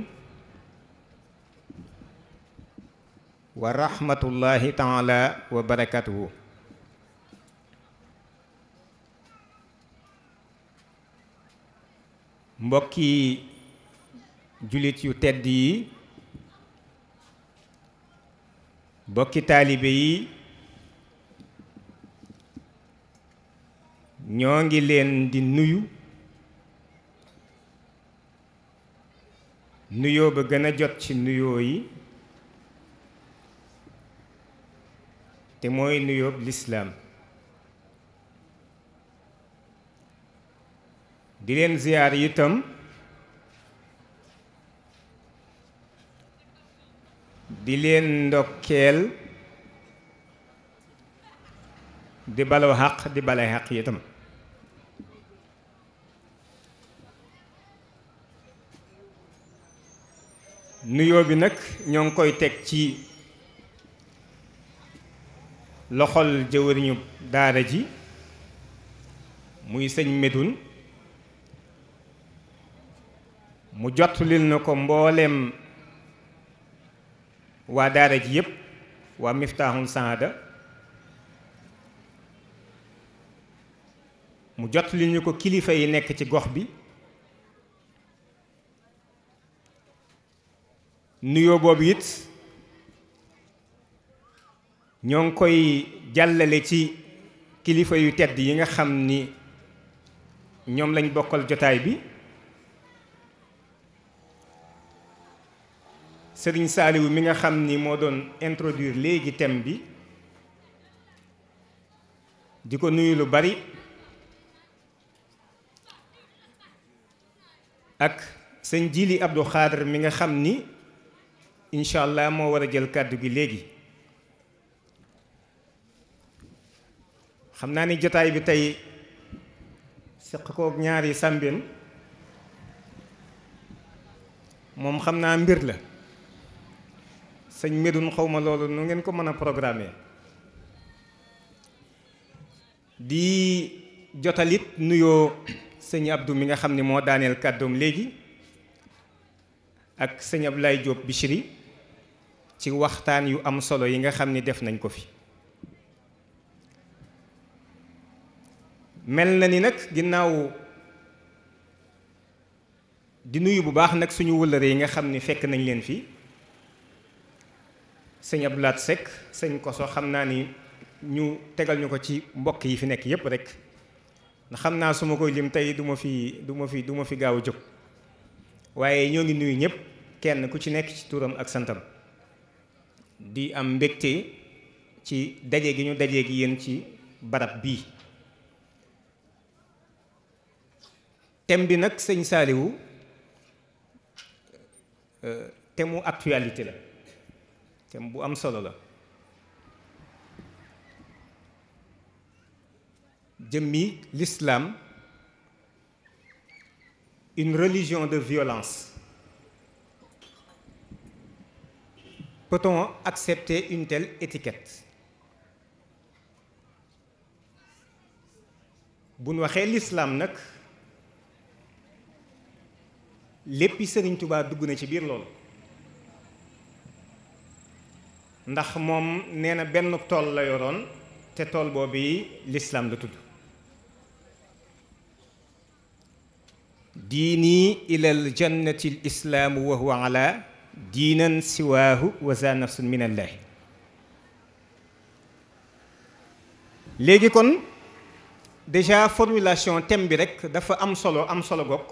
wa rahmatullahi taala wa barakatuhu mbokki jullit yu tedd yi mbokki taalibe yi ñoo ngi leen di nuyu nuyoo ba gën a jot ci nuyoo yi te mooy nuyoob lislaam di leen ziyaar itam di leen ndokkeel di balaw xaq di bale xaq itam nuyoo bi nag ñoo ngi koy teg ci loxol jëwëriñu daara ji muy sëñ Medoune mu jottulil na ko mbooleem waa daara ji yëpp waa miftaaxul saada mu jottulil ñu ko kilifa yi nekk ci gox bi nuyoo boobu it ñoo ngi koy jàllale ci kilifa yu tedd yi nga xam ni ñoom lañ bokkal jotaay bi sëriñ Saaliwu mi nga xam ni moo doon introduir léegi thème bi di ko nuyu lu bari ak sëñ Jili Abdou Khadr mi nga xam ni incha allah moo war a jël kàddu gi léegi xam naa ni jotaay bi tey seq kook ñaari sàmbin moom xam naa mbir la sëñ Medoune xaw ma loolu nu ngeen ko mën a programmer di jotalit nuyoo sëñ Abdou mi nga xam ni moo daaneel kàddoom léegi ak sëñ Ablaye Diop Bichri ci waxtaan yu am solo yi nga xam ni def nañ ko fi mel na ni nag ginnaaw di nuyu bu baax nag suñu wëllëre yi nga xam ni fekk nañ leen fii sëñ Abdou Lahad Seck sëñ Koso xam naa ni ñu tegal ñu ko ci mbokk yi fi nekk yépp rek ndax xam naa su ma koy lim tey duma fi duma ma fi du fi gaaw a jóg waaye ñoo ngi nuyu ñëpp kenn ku ci nekk ci tuuram ak santam di am mbégte ci daje gi ñu daje gi yéen ci barab bii thème bi nag sëñ Saaliwu euh, thème mu actualité la thème bu am solo la jëmmi lislaam une religion de violence peut-on accepter une telle étiquette bu waxee l'islam nag léppi Sëriñ Tuubaa dugg na ci biir loolu ndax moom neena benn tool la yoroon te tool boobu yi lislaam la tudd diini ilal jannati l islaamu wa huwa ala diinan siwaahu wa za nafsun min allaahi léegi kon déjà formulation thème bi rek dafa am solo am solo goog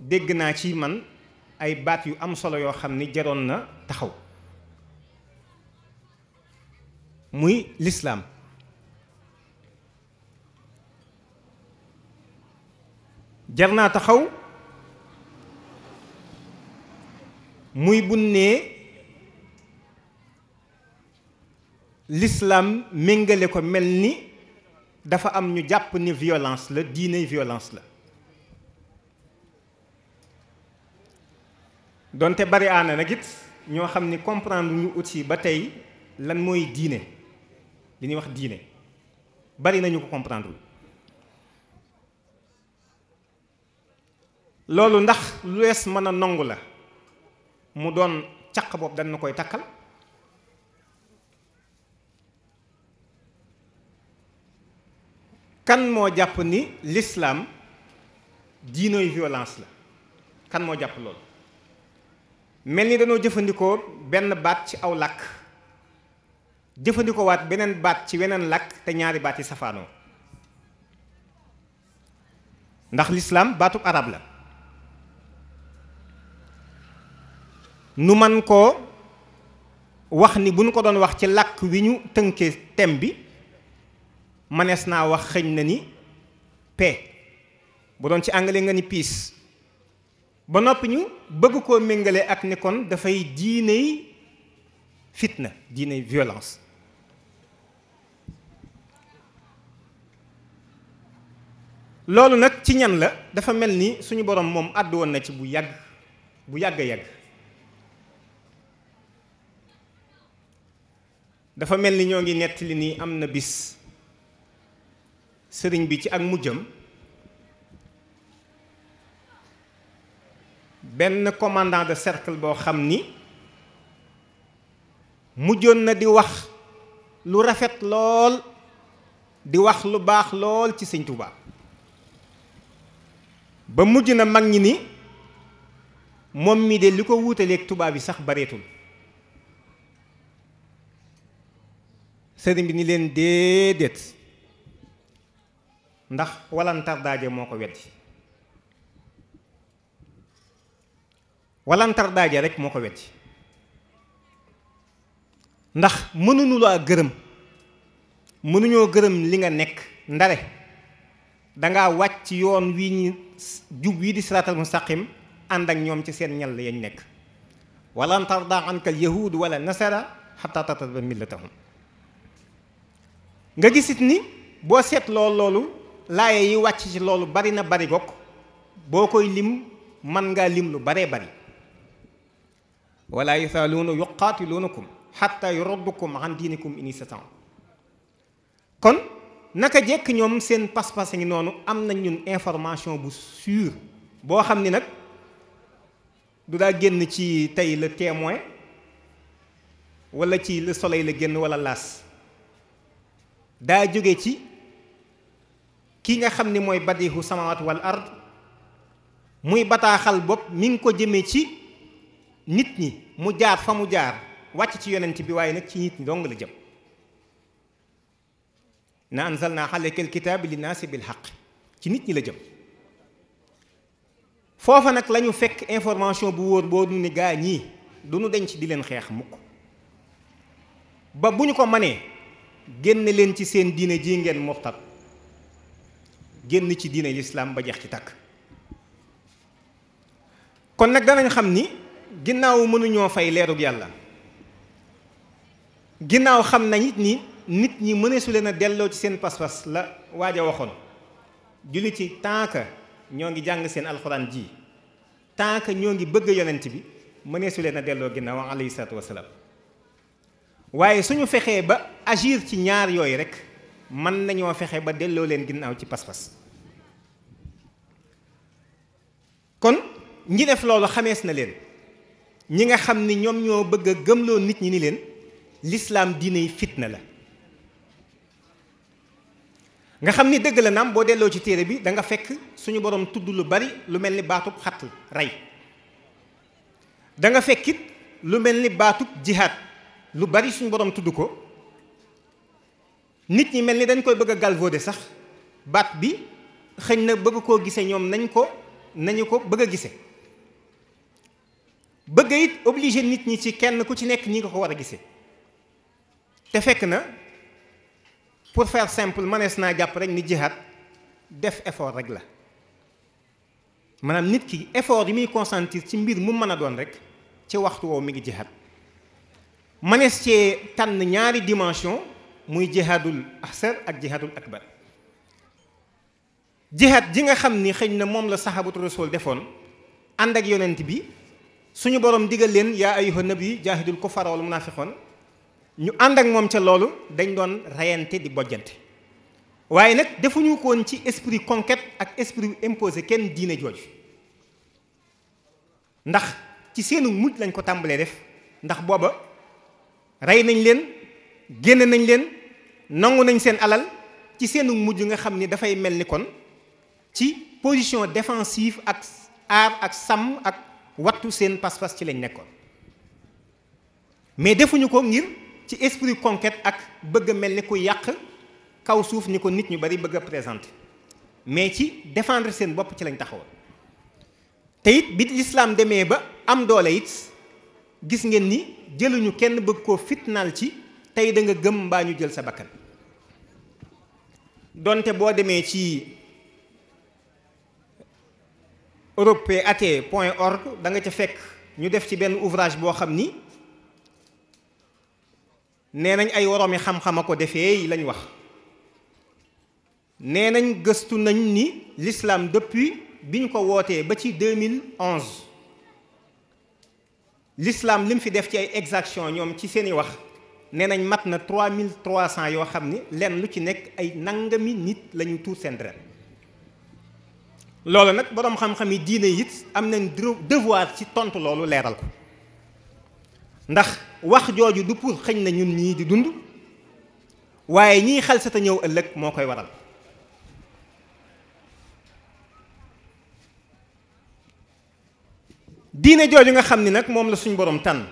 dégg naa ci man ay baat yu am solo yoo xam ni jaroon na taxaw muy lislaam jar naa taxaw muy bunnee lislaam méngale ko mel ni dafa am ñu jàpp ni violence la diine violence la donte bari aana nag it ñoo xam ni comprendre ñu aussi ba tey lan mooy diine li ñuy wax diine bari nañu ko comprendre loolu ndax lu lees mën a nangu la mu doon caq boobu dañ na koy takkal kan moo jàpp ni lislaam diinoy violence la kan moo jàpp loolu mel ni dañoo jëfandikoo benn baat ci aw làkk jëfandikoo beneen baat ci weneen làkk te ñaari baat safaanoo ndax lislaam baatub arab la nu man koo wax ni bu nu ko doon wax ci làkk wi ñu tënkee tem bi manees naa wax xëñ na ni paix bu doon ci anglais nga ni piis ba noppi ñu bëgg koo méngalee ak ni dafay diiney fitna diine violence loolu nag ci ñan la dafa mel ni suñu borom moom àddu woon na ci bu yàgg bu yàgg a yàgg dafa mel ni ñoo ngi nettali ni am na bis sëriñ bi ci ak mujjam benn commandant de cercle boo xam ni mujjoon na di wax lu rafet lool di wax lu baax lool ci sëñ Touba ba mujj na mag ñi ni moom mii de li ko wuutaleeg tubaab yi sax bareetul sëriñ bi ni leen déedéet ndax walantar daaje moo ko weddi walantar daaje rek moo ko weddi ndax mënuñu gërëm mënuñoo gërëm li nga nekk ndare danga wàcc yoon wi ñu jub wi di siraatal mustaqim ànd ak ñoom ci seen ñal yañ nekk walan tarda anka alyahuud walla nasara xataa tataba millatahum nga gisit ni boo seet lool loolu laaye yi wàcc ci loolu bari na bari gokk boo koy lim man ngaa lim lu baree bari wala yusaaluuna yuqaatiluunakum xatta yuraddukum an diinikum in istataw kon naka jekk ñoom seen pas-pas ngi noonu am nañ ñun information bu sûre boo xam ni nag du daa génn ci tey le témoin wala ci le soleil la génn wala laas daa jóge ci ki nga xam ni mooy badihu samawat wal ard muy bataaxal bopp mi ngi ko jëmee ci nit ñi mu jaar fa mu jaar wàcc ci yonent bi waaye nag ci nit ñi dong la jëm na anzalna alayka alkitaaba linnaasi bil haqq ci nit ñi la jëm foofa nag lañu fekk information bu wóor boo ni gaa ñii du ñu denc di leen xeex mukk ba bu ñu ko manee génn leen ci seen diine ji ngeen moxtat génn ci diine lislaam ba jeex ci takk kon nag danañ xam ni ginnaaw mënuñoo fay leerug yàlla ginnaaw xam nañ it ni nit ñi mëneesu leen a delloo ci seen pas-pas la waaj a waxoon julli ci tant que ñoo ngi jàng seen alxuraan ji tant que ñoo ngi bëgg yonent bi mëneesu leen a delloo ginnaaw alayhi salaatu wasalaam waaye suñu fexee ba agir ci ñaar yooyu rek mën nañoo fexe ba delloo leen ginnaaw ci pas-pas kon ñi def loolu xamees na leen ñi nga xam ni ñoom ñoo bëgg gëmloo nit ñi ni leen lislaam diine fitna la nga xam ni dëgg la naam boo delloo ci téere bi danga fekk suñu boroom tudd lu bari lu mel ni baatub xatl rey danga fekk it lu mel ni baatub jihaad lu bari suñu borom tudd ko nit ñi mel ni dañ koy bëgg a galvaudé sax baat bi xëñ na bëgg koo gisee ñoom nañ ko nañu ko bëgg a gise bëgg it obligé nit ñi ci kenn ku ci nekk ñi nga ko war a gisee te fekk na pour faire simple manees naa jàpp rek ni jihaad def effort rek la maanaam nit ki effort yi muy consentir ci mbir mu mën a doon rek ci waxtu woowu mi ngi jihaad mënees cee tànn ñaari dimension muy jihaadul ahsar ak jihaadul akbar jihaad ji nga xam ni xëy na moom la saxaabatu sol defoon ànd ak yonent bi suñu borom digal leen yaa ay ayyuhan nabi jaahidul kuffara wal munaafiqoon ñu ànd ak moom ca loolu dañ doon rayante di bojjante waaye nag defuñu ko woon ci esprit conquête ak esprit imposé kenn diine jooju ndax ci seenu mujj lañ ko tàmbalee def ndax booba rey nañ leen génn nañ leen nangu nañ seen alal ci seenu mujj nga xam ni dafay mel ni kon ci position défensive ak aar ak sàmm ak wattu seen pas-pas ci lañ nekkoon mais defuñu ko ngir. ci esprit conquête ak bëgg mel ni ku yàq kaw suuf ni ko nit ñu bari bëgg a mais ci defendre seen bopp ci lañ taxawal te it bi lislaam demee ba am doole it gis ngeen ni jëluñu kenn bëgg koo fitnaal ci tey da nga gëm mbaa ñu jël sa bakkan donte boo demee ci europe athée point org da nga ca fekk ñu def ci benn ouvrage boo xam ni nee nañ ay woroomi xam a ko defee lañ wax nee nañ gëstu nañ ni l'islam depuis bi ñu ko wootee ba ci 2011 l'islam lim fi def ci ay exaction ñoom ci seeni wax nee nañ mat na 3300 yoo xam ni lenn lu ci nekk ay nangami nit lañu tuur seen deret loolu nag boroom xam-xam yi diine it am nañ devoir ci tontu loolu leeral ko ndax wax jooju du pour xëñ na ñun ñii di dund waaye ñiy xalsata ñëw ëllëg moo koy waral diine jooju nga xam ni nag moom la suñ borom tànn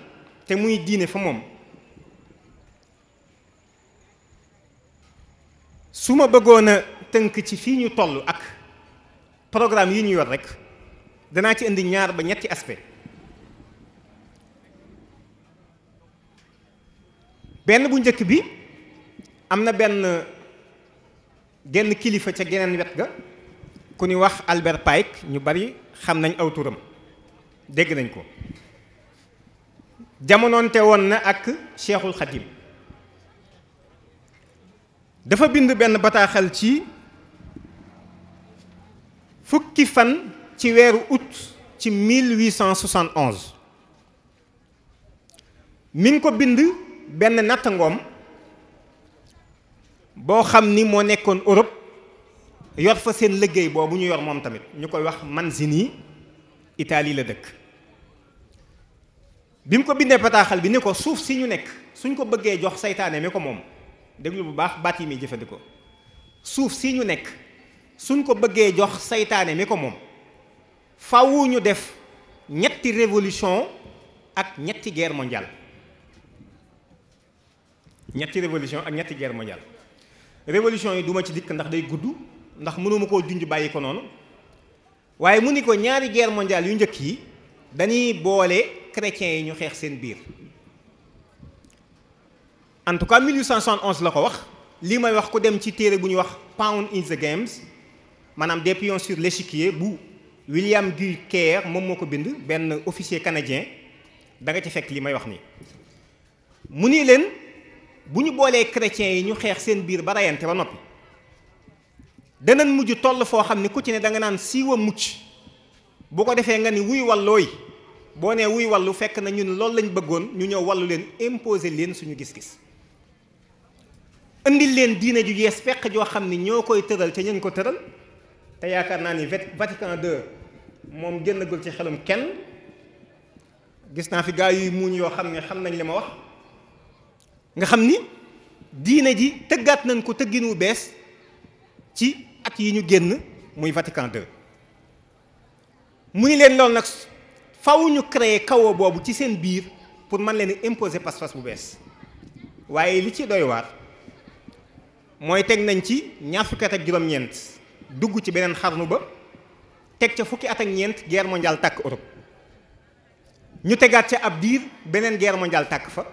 te muy diine fa moom su ma bëggoon a tënk ci fii ñu toll ak programme yi ñu yor rek danaa ci indi ñaar ba ñetti aspect benn bu njëkk bi am na benn genn kilifa ca geneen wet ga ku ni wax Albert Pike ñu bari xam nañ aw turam dégg nañ ko jamonoonte woon na ak Cheikhul Khadim dafa bind benn bataaxal ci fukki fan ci weeru août ci 1871 mi ngi ko bind benn nattangoom boo xam ni moo nekkoon Europe yor fa seen liggéey boobu ñu yor moom tamit ñu koy wax Manzini Italie la dëkk bi mu ko bindee pataaxal bi ni ko suuf si ñu nekk suñ ko bëggee jox saytaane mi ko moom déglu bu baax baat yi muy jëfandikoo suuf si ñu nekk suñ ko bëggee jox saytaane mi ko moom faaw ñu def ñetti révolution ak ñetti guerre mondiale ñetti révolution ak ñetti guerre mondiale révolution yi duma ci dikk ndax day gudd ndax mënuma koo junj bàyyi ko noonu waaye mu ni ko ñaari guerre yu njëkk yi dañuy boole chrétiens yi ñu xeex seen biir en tout cas 1871 la ko wax li may wax ku dem ci téere bu ñuy wax Pound in the Games maanaam des sur sur l'échiquier bu William Guy Keir moom moo ko bind benn officier canadien danga ci fekk li may wax nii mu ni leen bu ñu boolee chrétiens yi ñu xeex seen biir ba rayante ba noppi danañ mujj toll foo xam ne ku ci ne danga naan siiwa mucc bu ko defee nga ni wuy wallooy boo nee wuy wallu fekk na ñu ñun loolu lañu bëggoon ñu ñëw wallu leen imposer leen suñu gis-gis indil leen diine ju yees peq joo xam ni ñoo koy tëral ca ñañ ko tëral te yaakaar naa ni Vatican II moom génnagul ci xelum kenn gis naa fi gaa yuy muuñ yoo xam ne xam nañ li ma wax nga xam ni diine ji tëggaat nañ ko tëggin wu bees ci at yi ñu génn muy Vatican II mu ni leen loolu nag faw ñu créer kawo boobu ci seen biir pour mën leen imposer pas-pas bu bees waaye li ci doy waar mooy teg nañ ci ñaar fukki dugg ci beneen xarnu ba teg ca fukki at ak ñeent guerre mondiale takk Europe ñu tegaat ca ab diir beneen guerre mondiale takk fa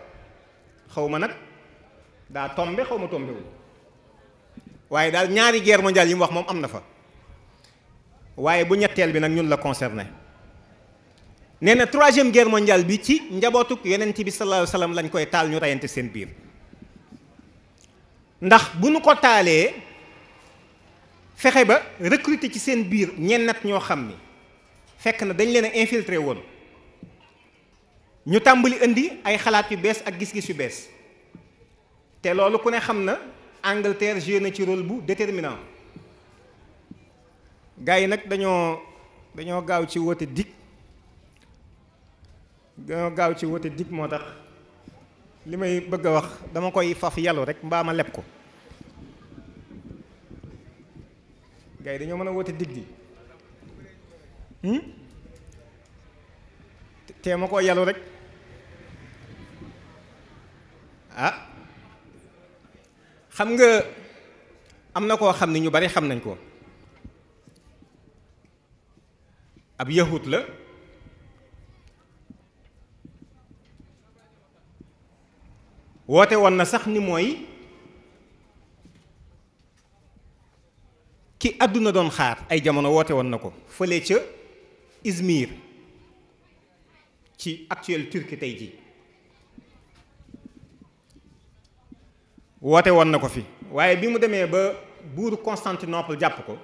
xaw ma nag daa tombe xaw ma tombe wul waaye daal ñaari guerre mondiale yi mu wax moom am na fa waaye bu ñetteel bi nag ñun la concerné nee na troisième guerre mondiale bi ci njabootuk yonent bi sallallahu alayhi wasallam lañ koy taal ñu reyante seen biir ndax bu nu ko taalee fexe ba recruter ci seen biir ñennat ñoo xam ni fekk na dañ leen a infiltrer woon ñu tàmbali indi ay xalaat yu bees ak gis-gis yu bees te loolu ku ne xam na Angleterre joué na ci role bu déterminant gars yi nag dañoo dañoo gaaw ci woote dig dañoo gaaw ci woote dig moo tax li may bëgg a wax dama koy faf yàllu rek mbaa ma leb ko gay dañoo mën a woote dig di hmm? te ma ko yàllu rek ah xam nga am na koo xam ne ñu bari xam nañ ko ab yahut la woote woon na sax ni mooy ki àdduna doon xaar ay jamono woote woon na ko fële ca Izmir ci actuel Turquie tey ji woote woon na ko fi waaye bi mu demee ba buuru Constantinople jàpp ko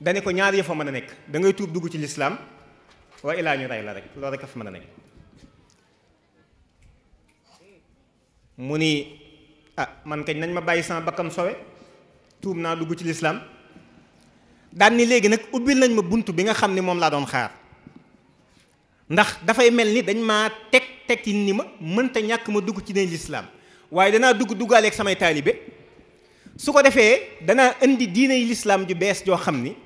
dane ko ñaar yëfa mën a nekk da ngay tuub dugg ci lislaam wa ilaa ñu rey la rek loo rek a fa mën a nekk mu ni ah man kañ nañ ma bàyyi sama bakkan sowe tuub naa dugg ci lislaam daan ni léegi nag ubbil nañ ma bunt bi nga xam ni moom laa doon xaar ndax dafay mel ni dañ maa teg teg ni ma mënta ñàkk ma dugg ci ne lislaam waaye danaa dugg duggaaleek samay taalibe su ko defee danaa indi diine yi lislaam ju bees joo xam ni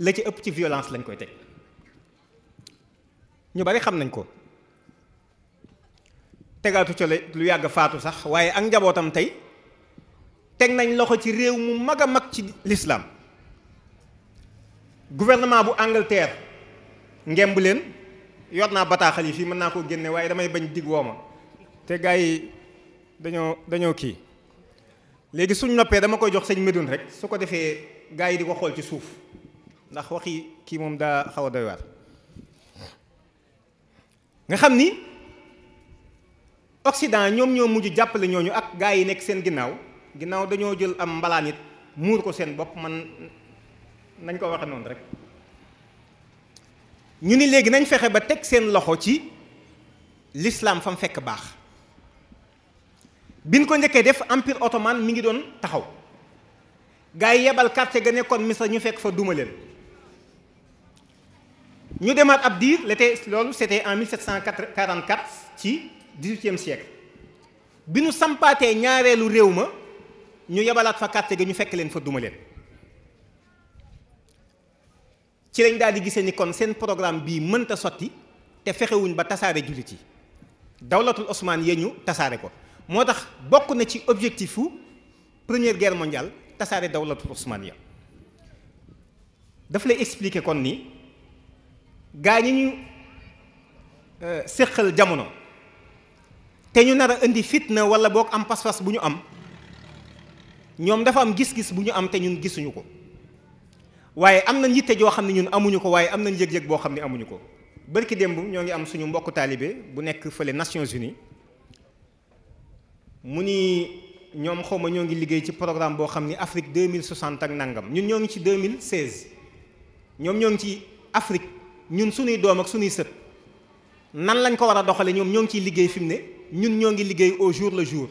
la ci ëpp ci violence lañ koy teg ñu bari xam nañ ko tegaatu ca lu yàgg faatu sax waaye ak njabootam tey teg nañ loxo ci réew mu mag a mag ci lislaam gouvernement bu Angleterre ngemb leen yor naa bataaxal yi fii mën naa koo génne waaye damay bañ dig wooma te gars dañoo dañoo kii léegi suñ noppee dama koy jox sëñ Médoune rek su ko defee gaa yi di ko xool ci suuf ndax waxi kii moom daa xaw a doy waar nga xam ni Occident ñoom ñoo mujj jàppale ñooñu ak gaa yi nekk seen ginnaaw ginnaaw dañoo jël am mbalaan it muur ko seen bopp man nañ ko waxe noonu rek ñu ni léegi nañ fexe ba teg seen loxo ci lislaam fa mu fekk baax biñ ko njëkkee def empire ottoman mi ngi doon taxaw gars yi yebal quartier ga nekkoon Misra ñu fekk fa duma leen ñu demaat ab diir l'été loolu c'était en 1744 ci 18e bi nu sampaatee ñaareelu réew ma ñu yebalaat fa quartier ga ñu fekk leen fa duma leen ci lañ daal di gisee ni kon seen programme bi mënta sotti te fexewuñ ba tasaare jullit yi dawlatul osmaan yee ñu tasaare ko moo tax bokk na ci objectif fu première guerre mondiale tasaare dawlatul Usmaniya daf la expliquer kon ni gaa ñi ñu euh, séqal jamono te ñu nar a indi fitna wala boog am pas-pas bu ñu am ñoom dafa am gis-gis bu ñu am te ñun gisuñu ko waaye am nañ yitte joo xam ne ñun amuñu ko waaye am nañ yëg-yëg boo xam ne amuñu ko bërki démb ñoo ngi am suñu mbokk taalibe bu nekk fële Nations Unies mu ni ñoom xaw ma ñoo ngi liggéey ci programme boo xam ni Afrique deux mille soixante ak nangam ñun ñoo ngi ci deux mille seize ñoom ñoo ngi ci Afrique ñun suñuy doom ak suñuy nan lañ ko war a doxalee ñoom ñoo ngi ciy liggéey fi mu ne ñun ñoo ngi liggéey au jour le jour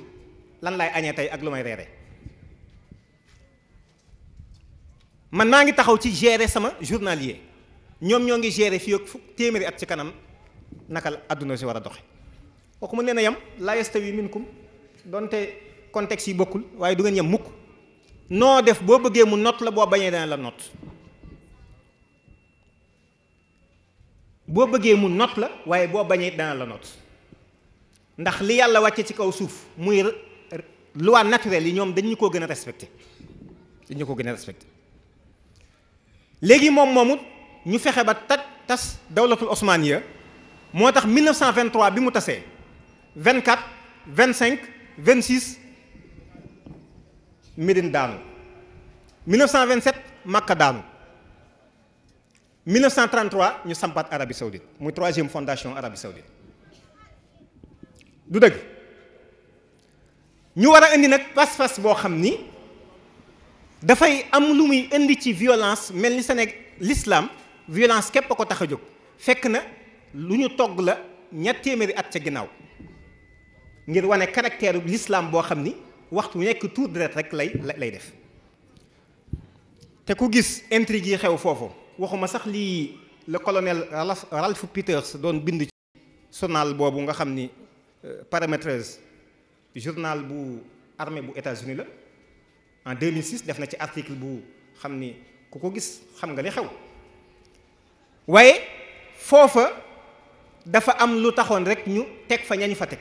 lan lay añee tey ak lu may reere man maa ngi taxaw ci gérer sama journalier ñoom ñoo ngi gérer fii ak fukk téeméeri at ci kanam naka la àdduna si war a doxe kooku mën leen a yem laa yastawi minkum donte contexte yi bokkul waaye du ngeen yem mukk noo def boo bëggee mu nott la boo bañee dana la not boo bëggee mu not la waaye boo bañee dana la nott ndax li yàlla wàcce ci kaw suuf muy loi naturelle yi ñoom dañu ko gën a respecté dañu ko gën a respecté léegi moom moomu ñu fexe ba ta tas dawlatul ya moo tax 1923 bi mu tasee 24 25 26 Médine daanu 1927 Makka daanu 1933 ñu sampat Arabie Saoudite muy troisième fondation Arabie Saoudite du dëgg ñu war a indi nag pas-pas boo xam ni dafay am lu muy indi ci violence mel ni Sénégal l'islam violence képp a ko tax a jóg fekk na lu ñu togg la ñett téeméeri at ca ginnaaw. ngir wane caractère lislaam boo xam ni waxtu nekk tuur deret rek lay lay def te ku gis intrigue yi xew foofu waxuma sax lii le colonel Ralph Peters doon bind ci journal boobu nga xam ni euh, paramétreuse journal bu armée bu États-Unis la en 2006 def na ci article bu xam ni ku ko gis xam nga li xew waaye foofa dafa am lu taxoon rek ñu teg fa ña ñu fa teg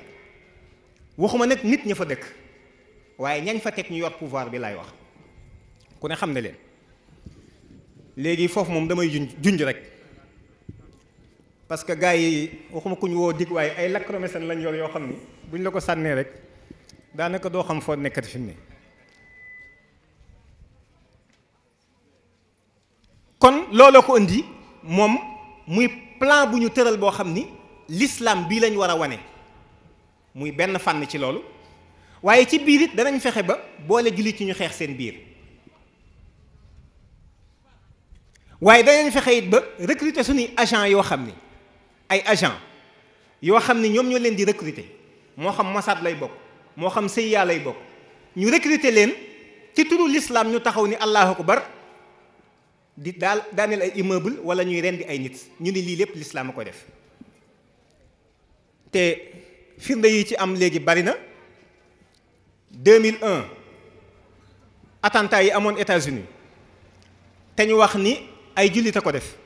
waxuma nag nit ña fa dëkk waaye ñañ fa teg ñu yor pouvoir bi laay wax ku ne xam ne leen léegi foofu moom damay junj junj rek parce que gars yi waxuma ku ñu woo dig waaye ay lacrymogène lañ yor yoo xam ni buñ la ko sànnee rek daanaka doo xam foo nekkati fi ne kon looloo ko indi moom muy plan bu ñu tëral boo xam ni l'islam bii lañ war a wane muy benn fànn ci loolu waaye ci biir it danañ fexe ba boole jullit ci ñu xeex seen biir waaye danañ fexe it ba recruter suñuy agent yoo xam ni ay agent yoo xam ni ñoom ñoo leen di recruter moo xam Mossad lay bokk moo xam CIA lay bokk ñu recruter leen ci turu l'islam ñu taxaw ni allahu bar di daal daaneel ay immeuble wala ñuy rendi ay nit ñu ni lii lépp l'islam a ko def te firnde yi ci am léegi bari na 2001 attentat yi amoon États-Unis te ñu wax ni ay jullit a ko def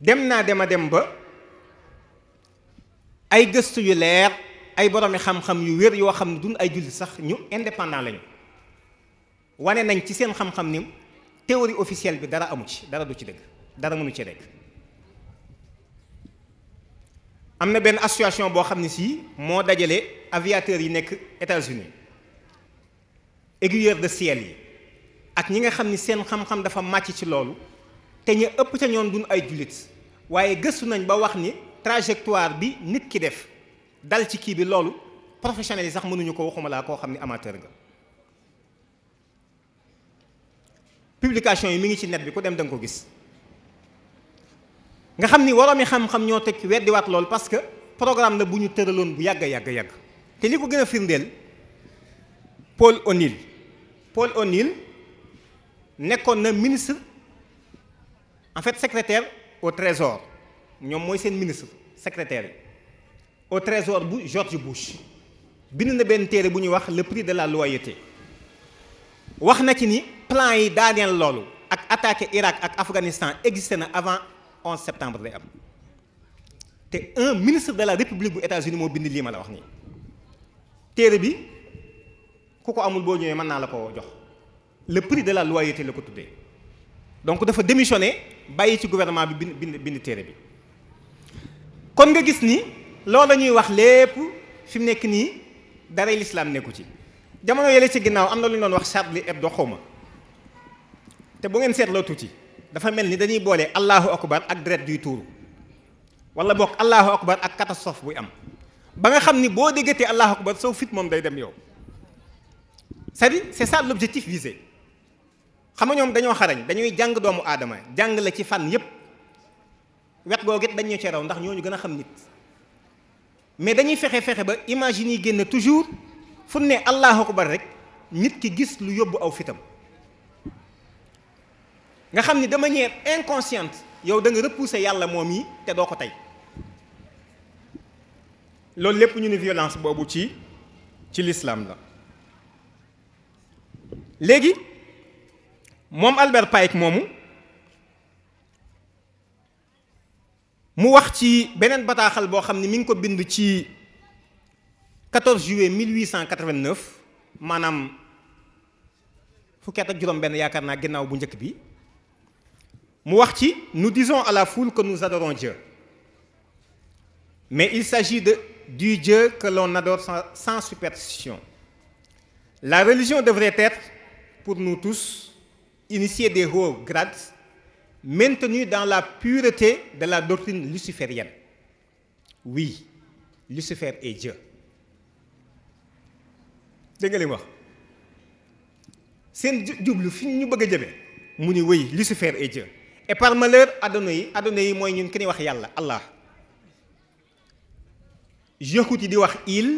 dem naa dem a dem ba ay gëstu yu leer ay boroomi xam-xam yu wér yoo xam ne duñ ay jullit sax ñu indépendant lañu wane nañ ci seen xam-xam ni théorie officielle bi dara amu ci dara du ci dëgg dara mënu ci dëgg am na benn association boo xam ne sii moo dajale aviateurs yi nekk États-Unis aiguilleurs de ciel yi ak ñi nga xam ni seen xam-xam dafa màcc ci loolu te ñu ëpp ca ñoon duñ ay jullit waaye gëstu nañ ba wax ni trajectoire bi nit ki def dal ci kii bi loolu professionnels yi sax mënuñu ko waxuma laa koo xam ni amateur nga publication yi mu ngi ci net bi ku dem danga ko gis nga xam ni waroomi xam-xam ñoo teg weddiwaat loolu parce que programme la bu ñu tëraloon bu yàgg a yàgg yàgg te li ko gën a firndeel Paul O'Neill Paul O'Neill nekkoon na ministre en fait secrétaire au trésor ñoom mooy seen ministre secrétaire yi au trésor bu George Bush bind na benn téere bu ñuy wax le prix de la loyauté wax na ci ni plan yi daaneel loolu ak attaqué Irak ak Afghanistan existé na avant 11 septembre day am te un ministre de la république bu États-Unis moo bind lii ma la wax nii téere bi ku ko amul boo ñëwee mën naa la ko jox le prix de la loyauté la ko tuddee donc dafa démissionné bàyyi ci gouvernement bi bind bind bind téere bi kon nga gis ni loolu ñuy wax lépp fi mu nekk nii daray lislaam nekku ci jamono yële ci ginnaaw am na lu ñu doon wax Charlie Hebdo xaw ma te bu ngeen seetloo tuuti dafa mel ni dañuy boole allahu akbar ak deret yuy tuuru wala boog allahu akbar ak catastrophe buy am ba nga xam ni boo déggatee allahu akbar soo fit moom day dem yow c'est-à-dire l'objectif visé xam nga ñoom dañoo xarañ dañuy jàng doomu aadama jàng la ci fànn yépp wet googu it dañu ndax ñooñu gën a xam nit mais dañuy fexe fexe ba imagine yi génn toujours fu ne allahu akbar rek nit ki gis lu yóbbu aw fitam nga xam ni de manière inconsciente yow da nga repousser yàlla moom yi te doo ko tey loolu lépp ñu ni violence boobu ci ci lislaam la léegi moom Albert Pike moomu mu wax ci beneen bataaxal boo xam ne mi ngi ko bind ci 14 juillet 1889 maanaam fukki at ak juróom-benn yaakaar naa ginnaaw bu njëkk bi mu wax ci nous disons à la foule que nous adorons Dieu mais il s'agit de du je que l'on adore sans, sans superstition la religion devrait être pour nous tous initiée des hauts grades maintenue dans la pureté de la doctrine luciférienne oui Lucifer est Dieu dégg nga li mu wax seen jublu fi ñu bëgg a jëme mu ni oui Lucifer est Dieu et par malheur adduna yi adduna yi mooy ñun ki ñuy wax yàlla allah yëkkut yi di wax il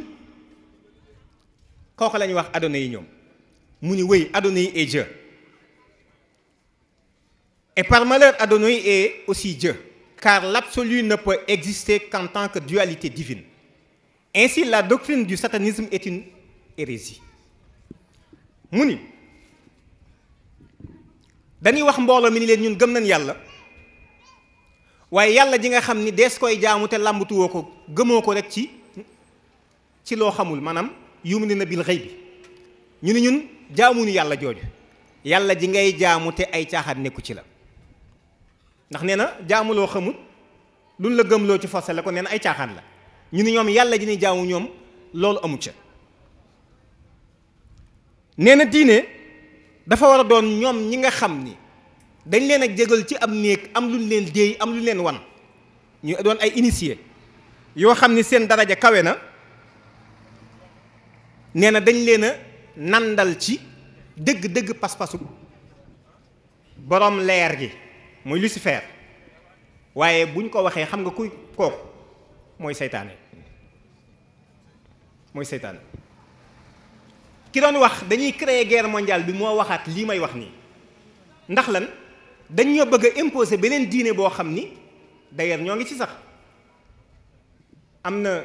kooku la ñuy wax adduna yi ñoom mu ni wéy adduna yi est Dieu et par malheur adduna yi et aussi Dieu car l'absolu ne peut exister qu'en tant que dualité divine ainsi la doctrine du satanisme est une hérésie mu ni dañuy wax mbooloo mi ni leen ñun gëm nañ yàlla waaye yàlla ji nga xam ni dees koy jaamu te làmbatuwoo ko gëmoo ko rek ci ci loo xamul maanaam yuminu na bil xëy bi ñu ni ñun jaamuñu yàlla jooju yàlla ji ngay jaamu te ay caaxaan nekku ci la ndax nee na jaamu loo xamul luñ la gëm loo ci forcé la ko nee na ay caaxaat la ñu ni ñoom yàlla ji ni jaamu ñoom loolu amu ca nee na diine dafa war a doon ñoom ñi nga xam ni dañ leen a jégal ci am néeg am luñ leen déey am luñ leen wan ñu doon ay initié yoo xam ni seen daraja kawe na nee na dañ leen a nandal ci dëgg-dëgg pas-pasu borom leer gi muy Lucifer waaye buñ ko waxee xam nga kuy kooku mooy seytaane mooy seytaane ki doon wax dañuy créer guerre mondiale bi moo waxaat lii may wax nii ndax lan dañoo bëgg a imposer beneen diine boo xam ni d'ailleurs ñoo ngi ci sax am na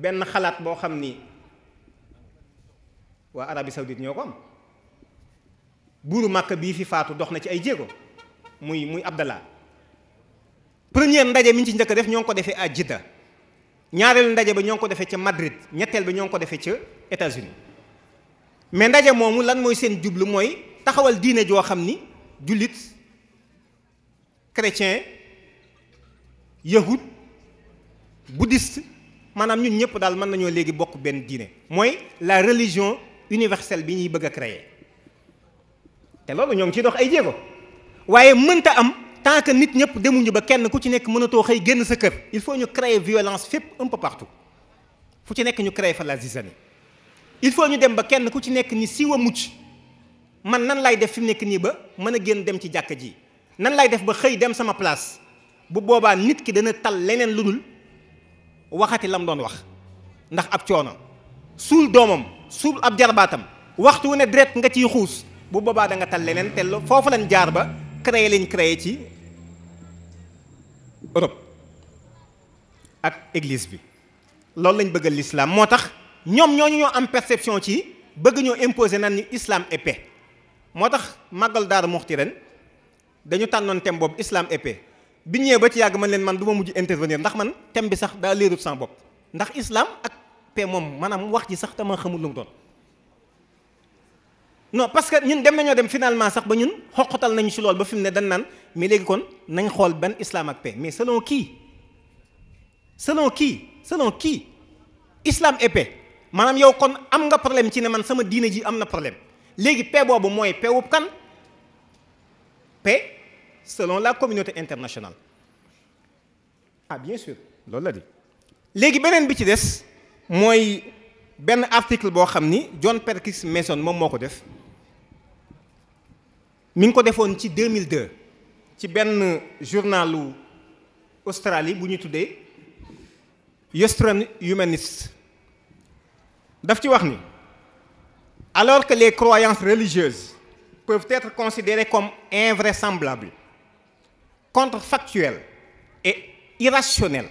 benn xalaat boo xam ni waa Arabie Saoudite ñoo ko am buuru Màkka bii fi faatu dox na ci ay jéego muy muy Abdallah première ndaje mi ñu ci njëkk def ñoo ngi ko defee à Jidda ñaareelu ndaje bi ñoo ngi ko defee ca Madrid ñetteel ba ñoo ngi ko defee ca États-Unis mais ndaje moomu lan mooy seen jublu mooy taxawal diine joo xam ni jullit chrétien yahud bouddhiste maanaam ñun ñëpp daal mën nañoo léegi bokk benn diine mooy la religion universelle bi ñuy bëgg créer te loolu ñoo ngi ciy dox ay jéego waaye mënta am tant que nit ñëpp demuñu ba kenn ku ci nekk mënatoo xëy génn sa kër il faut ñu créer violence fépp un peu partout fu ci nekk ñu créer fa la zizanie il faut ñu dem ba kenn ku ci nekk ni siiwa mucc man nan lay def fi nekk nii ba mën a génn dem ci jàkka ji nan lay def ba xëy dem sama place bu boobaa nit ki dana tal leneen lu dul waxati lam doon wax ndax ab coono suul doomam suul ab jarbaatam waxtu wu ne deret nga ciy xuus bu boobaa da nga tal leneen te foofu lañ jaar ba créé lañ créé ci Europe ak église bi loolu lañ bëggal lislaam moo tax ñoom ñoo ñu ñoo am perception ci bëgg ñoo imposer nan ni islaam et moo tax màggal Daaru Muxti ren dañu tànnoon tem boobu islaam et bi ñëwee ba ci yàgg man leen man du ma mujj intervenir ndax man thème bi sax daa leerut sans bopp ndax islaam ak paix moom maanaam wax ji sax dama xamul lu mu doon. no parce que ñun dem nañoo dem finalement sax ba ñun xoqatal nañu ci lool ba fi mu ne dañ naan mais léegi kon nañ xool benn islam ak paix mais selon kii selon kii selon kii islaam et maanaam yow kon am nga problème ci ne man sama diina ji am na problème léegi paix boobu mooy paix kan paix selon la communauté internationale ah bien sûr loolu la di léegi beneen bi ci des mooy benn article boo xam ni John Perkins Mason moom moo ko def mi ngi ko defoon ci 2002 ci benn journalu Australie bu ñu tuddee Australian Humanist daf ci wax ni alors que les croyances religieuses peuvent être considérées comme invraisemblables contrefactuelles et irrationnelles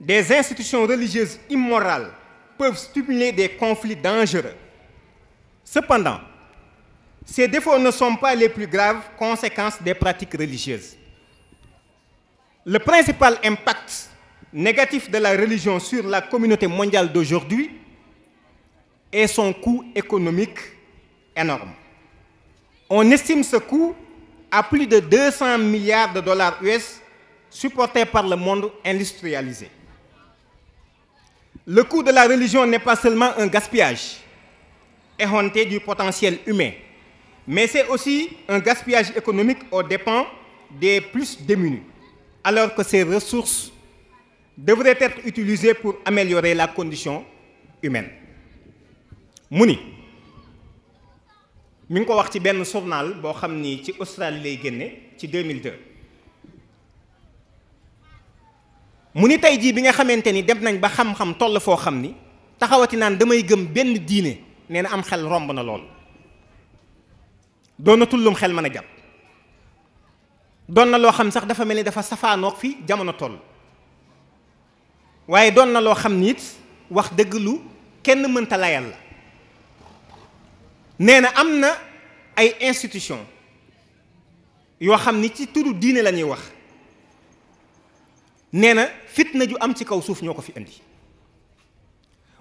des institutions religieuses immorales peuvent stimuler des conflits dangereux cependant ces défauts ne sont pas les plus graves conséquences des pratiques religieuses le principal impact négatif de la religion sur la communauté mondiale d'aujourd'hui et son coût économique énorme. On estime ce coût à plus de 200 milliards de dollars US supportés par le monde industrialisé. Le coût de la religion n'est pas seulement un gaspillage éhonté du potentiel humain, mais c'est aussi un gaspillage économique aux dépens des plus démunis, alors que ces ressources devraient être utilisées pour améliorer la condition humaine. mu ni mu ngi ko wax ci benn journal boo xam ni ci Australie lay génne ci 2002 mu ni tey jii bi nga xamante ni dem nañ ba xam-xam toll foo xam ni taxawati naan damay gëm benn diine nee na am xel romb na lool doon na tullum xel mën a jàpp doon na loo xam sax dafa mel ni dafa safaanoog fi jamono toll waaye doon na loo xam ni wax dëgg lu kenn mënta layal la nee na am na ay institution yoo xam ni ci turu diine lañuy wax nee na fitna ju am ci kaw suuf ñoo ko fi indi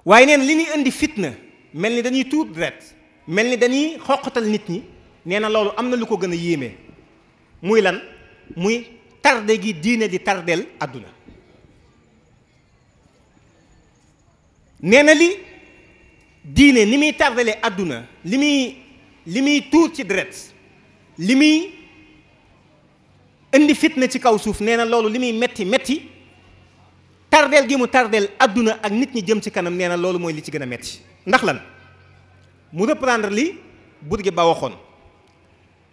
waaye nee na li ñuy indi fitna mel ni dañuy tuur deret mel ni dañuy xoqatal nit ñi nee na loolu am na lu ko gën a yéeme muy lan muy tarde gi diine di tardeel àdduna nee li diine ni muy tardale àdduna li muy li muy tuur ci deret li muy indi fitna ci kaw suuf nee na loolu li muy metti metti tardeel gi mu tardeel àdduna ak nit ñi jëm ci kanam nee na loolu mooy li ci gën a metti ndax lan mu reprendre li buur gi ba waxoon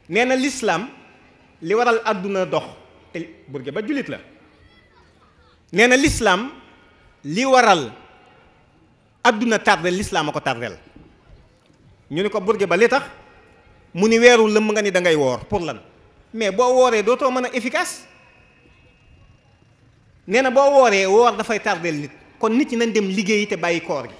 nee na lislaam li waral àdduna dox te buur ba jullit la nee lislaam li waral àdduna tardé lislaam a ko tardel ñu ne ko burge ba li tax mu ni weeru lëmm nga ni da ngay woor pour lan mais boo wooree dootoo mën a efficace nee na boo wooree woor dafay tardel nit kon nit ñi nañ dem liggéeyi te bàyyi koor gi